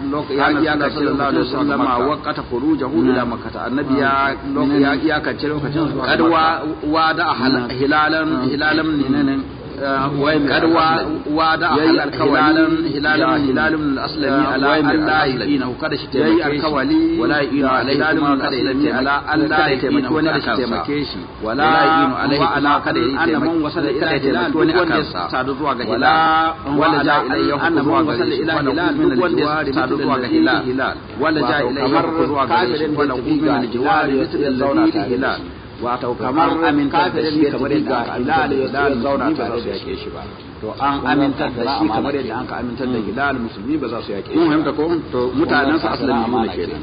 صلى الله عليه وسلم ما وقت خروجه إلى مكة النبي يا يا كتير قد وعد هلالا هلالا وقد وعد هلال هلال من الأسلم على أن لا يعينه كذا شتي الكولي ولا يعين عليه هلال من الأسلم على أن لا يعينه كذا شتي ولا يعين عليه على كذا أن من وصل إلى هلال دون أن يصعد ولا ولا جاء إليه أن من وصل إلى هلال من الجوار يصعد هلال ولا جاء إليه ولا كافر من الجوار مثل الذي هلال wato kamar amintar da shi kamar yadda aka amintar da hilal zauna tare da yake shi ba to an amintar da shi kamar yadda aka amintar da hmm. hilal musulmi ba za su yake shi mun fahimta ko to mutanen su asalin ne kenan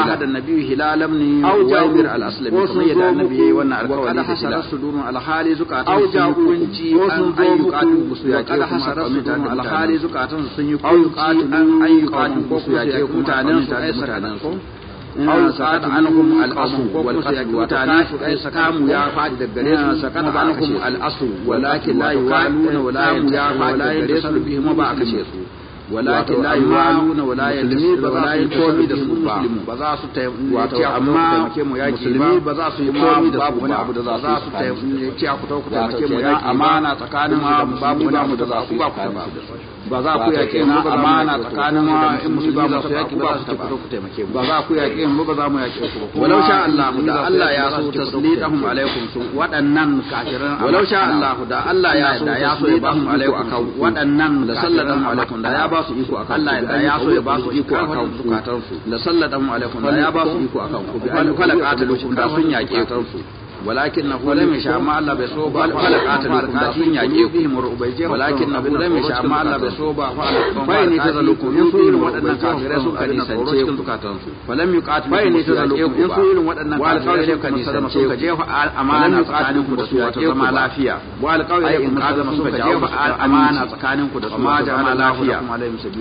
ahada nabi hilal ibn uwaymir al-aslami kuma ya da annabi wannan alƙawari da hilal sudurun al-hali zukatan au ja'unci an ayyukatu musu ya ke kuma qamitan al-hali zukatan sun yi kunci an ayyukatu musu ya ke mutanen su ai mutanen su أو سقط عنهم الأصل والقصد وتعناف كام يا فاد الدريس سقط عنهم الأصل ولكن لا يوالون ولا يمتعون ولا يرسل بهم وبعد شيء walakin la yuwaluna wala yalmi ba za su komi da su ba ba za musulmi mu yaki amana tsakanin mu babu ba za ku yaƙe mu ba amana tsakanin in musulmi za su yaƙi ba su tafi ku taimake mu ba za ku yaƙe mu ba za mu yaƙe ku ba walau sha Allah da Allah ya so taslidahum alaikum sun waɗannan walau sha Allah da Allah ya so ya so ba su alaikum waɗannan da salladan alaikum da ya ba su iko akan Allah da ya so ya ba su iko akan zukatan da salladan alaikum da ya ba su iko akan ku bi an kala qatalukum da sun yaƙe ولكنه لم يشاء ما الله بسوبا فلقاتل القاتلين يجيكم رؤبيجه ولكنه لم يشاء ما الله بسوبا فإن يتذلكم ينصير ودنا كافر سوء كان يسنجيكم فلم يقاتل فإن يتذلكم ينصير ودنا كافر سوء كان يسنجيكم أمانا تقاتلكم دسوء تزمى لافيا والقول أي إن قادم سوء جاوب أمانا تقاتلكم دسوء ما جعل لافيا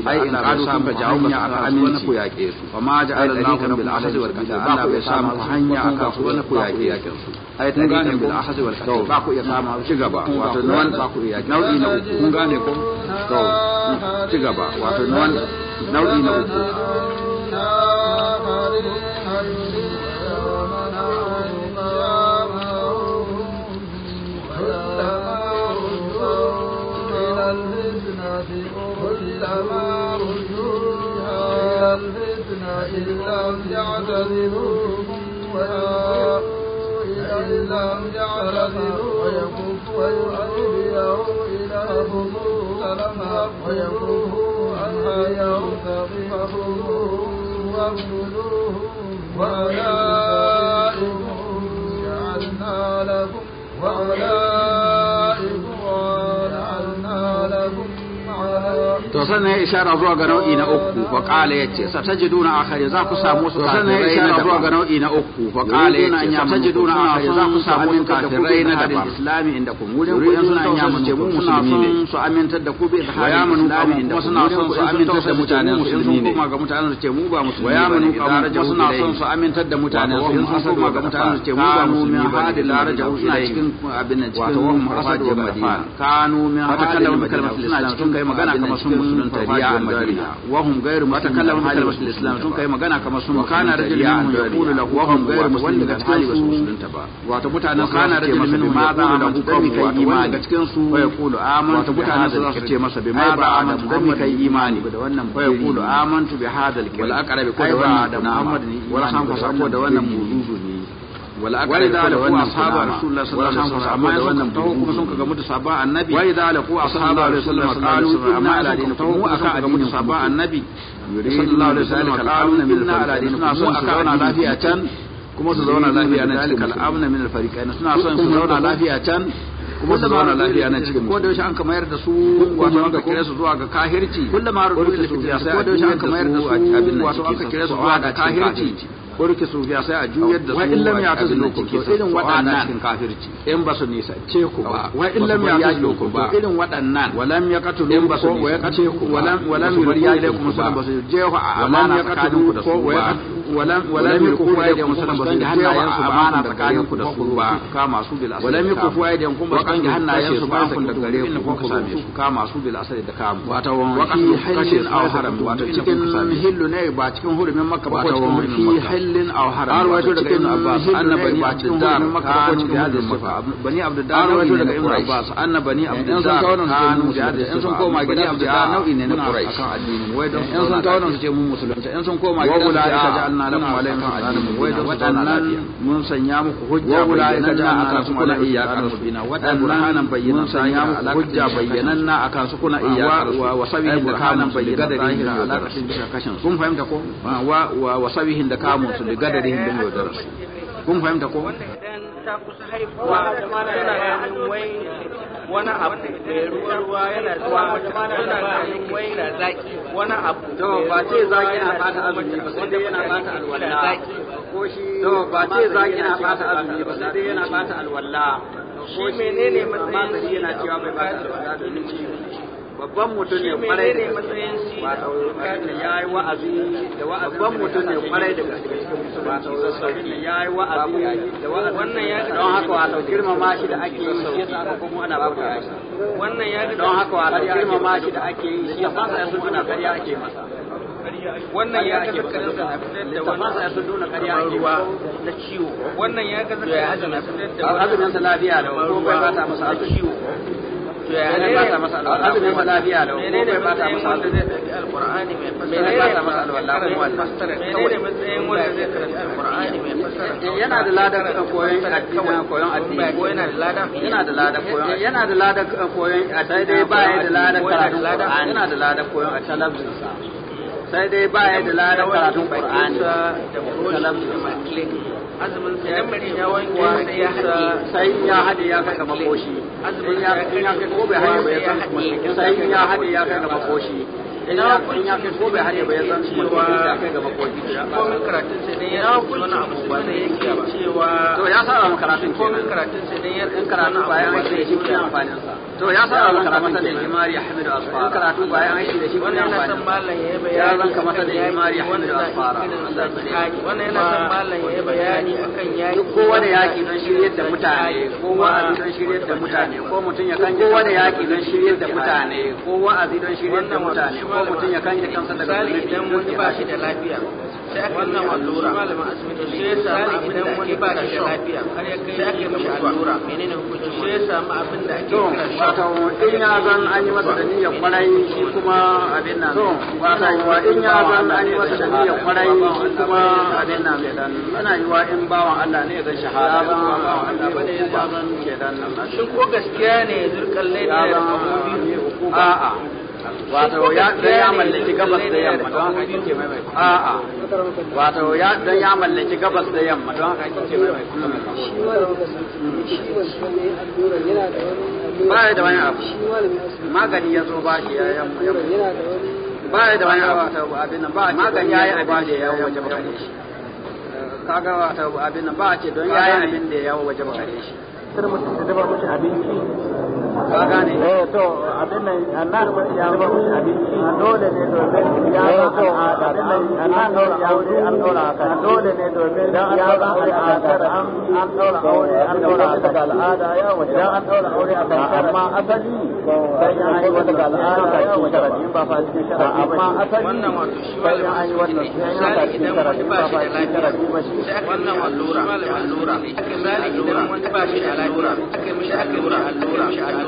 أي إن قادم فجاوب أمينكم يا وما جعل الله بالعسل والكتاب الله بيسامك hanya a kasuwa na kuyake yakin su ai ta gane bil ahzi wal kasr ba ku iya kama ci gaba wato nawan ba ku iya nau'i na uku kun gane ko to ci gaba wato nawan nau'i na uku كلما رجوها الفتنة إلا يعتذرون الله يعلمه ويكف ويؤيده إلى بطون لما ويكف أنها يغترفهم واقتلوهم وأولئكم جعلنا لكم وأولئكم sannan ya ishara zuwa ga nau'i na uku fa qala yace satajiduna akhari za ku samu su sannan ya ishara zuwa ga nau'i na uku fa qala yace satajiduna akhari za ku samu su kafirai na daban islami inda ku wurin ku suna ya mun ce mu musulmi ne su amintar da ku bi da ya mun ku inda suna son su amintar da mutanen musulmi ne kuma ga mutanen su ce mu ba musulmi ya mun ku suna son su amintar da mutanen su mun kuma ga mutanen su ce mu ba musulmi ne ba da laraja suna cikin abin nan cikin wato wa mu asadu madina kanu min hada kalmar kalmar islam cikin kai magana kamar sun mutum tariya madina wa hum hali islam sun kai magana kamar sun kana rajulun yaqulu lahu wa hum ba wato mutanen kana rajulun ma za a mutu kai imani daga cikin su yaqulu amantu wato mutanen a kai da wannan yaqulu amantu wannan muhammad wai da kuma da da zauna lafiya cikin ko da yaushe an ka da su wato an ka su zuwa ga kahirci kullum ma su ko da yaushe an ka da su wato an ka su zuwa ga kahirci urki su fiya sai a juyar da su wa illam ya irin waɗannan cikin kafirci in ba su nisa ce ku ba wa illam ya irin waɗannan walam yaqtulu in ba su nisa ce ku yuriya ilaikum walam yakufu aydiyakum musallam ba su hannayen su amana tsakanin ku da su ba kama su bil asr walam yakufu kuma su hannayen su ba su da gare ku ku same su kama su bil da kamu cikin hillu ne ba cikin hurumin makka ba ko cikin fi halin aw haram har wato daga ibn abbas annabi ba cikin ko cikin hadin sifa bani abdullah har wato daga ibn abbas annabi abdullah kanu da in sun koma gidan abdullah nau'i ne na quraish akan addini wai dan sun kawo nan su ce mu musulunta in sun koma gidan ja'alna lakum alaihim alamin mun sanya muku hujja bayyana akan su kuna iyyaka mun sanya muku hujja akan su kuna iyyaka wa da kamun kun fahimta ko wa da kamun su kun fahimta ko ta kusa haifuwa tana ganin wai wani abu ruwa ruwa yana zuwa tana ganin wai na zaki wani abu to ba ce zaki na fata azumi ba sai dai yana fata alwala ko shi to ba ce zaki na fata azumi ba sai dai yana fata alwala shi menene matsayin yana cewa bai fata alwala domin babban mutum ne kwarai da gaske wato ya yi wa'azi da wa'azi babban mutum ne kwarai da gaske wato ya yi wa'azi da wa'azi wannan ya don haka wato girmama shi da ake yi shi yasa aka kuma ana babu shi wannan ya don haka wato girmama shi da ake yi shi yasa aka kuma ana kariya ake masa wannan ya ga zakarin da fitar da wannan sa su nuna kariya ake ruwa da ciwo wannan ya ga zakarin sa fitar da wannan azumin sa lafiya da ko bai ba ta masa ciwo azumin sa yana da ladan koyon addini koyon addini yana da ladan yana da koyon yana da ladan koyon sai dai ba ya da ladan karatun yana da ladan koyon a talabijin sa sai dai ba ya da ladan karatun alqur'ani da azumin sa ya ya wanke sai ya hade sai ya hade ya kai kamar koshi azumin ya kai ya kai ko bai hade ba ya san sai ya hade ya kai kamar koshi ina kun ya kai ko bai hade ba ya san cewa ya kai kamar koshi ko min karatun sai ya kun wani abu ba zai yi ba cewa to ya saba karatun ko min karatun sai dai ya karatun bayan sai ya ji amfanin sa to ya san Allah ka mata da himari Ahmadu Asfara karatu bayan aiki da shi wannan yana san mallan yayi bayani ya ranka mata da himari Ahmadu Asfara wannan yana san mallan yayi bayani akan yaki duk kowa da yaki don shiryar da mutane ko wa'azi don shiryar da mutane ko mutum ya kowa da yaki don shiryar da mutane ko wa'azi don shiryar da mutane ko mutum ya kan kansa daga zulmi idan wani ba shi da lafiya wannan allura shi ya samu abin da ake kira shan lafiya har ya kai ake mishi allura menene hukuncin shi ya samu abin da ake kira shan to in ya zan an yi masa da niyyar kwarai shi kuma abin nan to yana in ya zan an yi masa da niyyar kwarai shi kuma abin nan mai dan yana yiwa in bawan Allah ne zan shahada ba Allah bane ya zan ke dan nan shin ko gaskiya ne zurkan laifin da a'a wato ya dan ya mallaki gabas da yamma don haka kike mai mai a'a wato ya dan ya mallaki gabas da yamma don haka kike mai mai shi ba ya da wani abu magani ya zo ba shi ya yamma ba ya da wani abu abin nan ba magani ya yi abin da ya waje ba kare shi kaga wato abin nan ba ce don ya yi abin da ya waje ba kare shi mutum da abinci eh to abin nan annan ya wuce abinci dole ne domin ya ba abin nan annan ya wuce an dora haka dole ne domin ya ba al'adar an dora aure an dora haka al'ada ya wuce idan an dora aure a kan amma asali sai ya yi wata al'ada ya wuce sharadi ba fa cikin sharadi amma asali wannan wato shi sai ya yi wannan sai ya ba cikin sharadi ba fa cikin sharadi ba shi wannan allura allura aka misali idan wani ba shi da allura aka mishi allura allura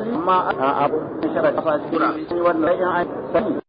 amma a abu shara kafa sura wannan an sani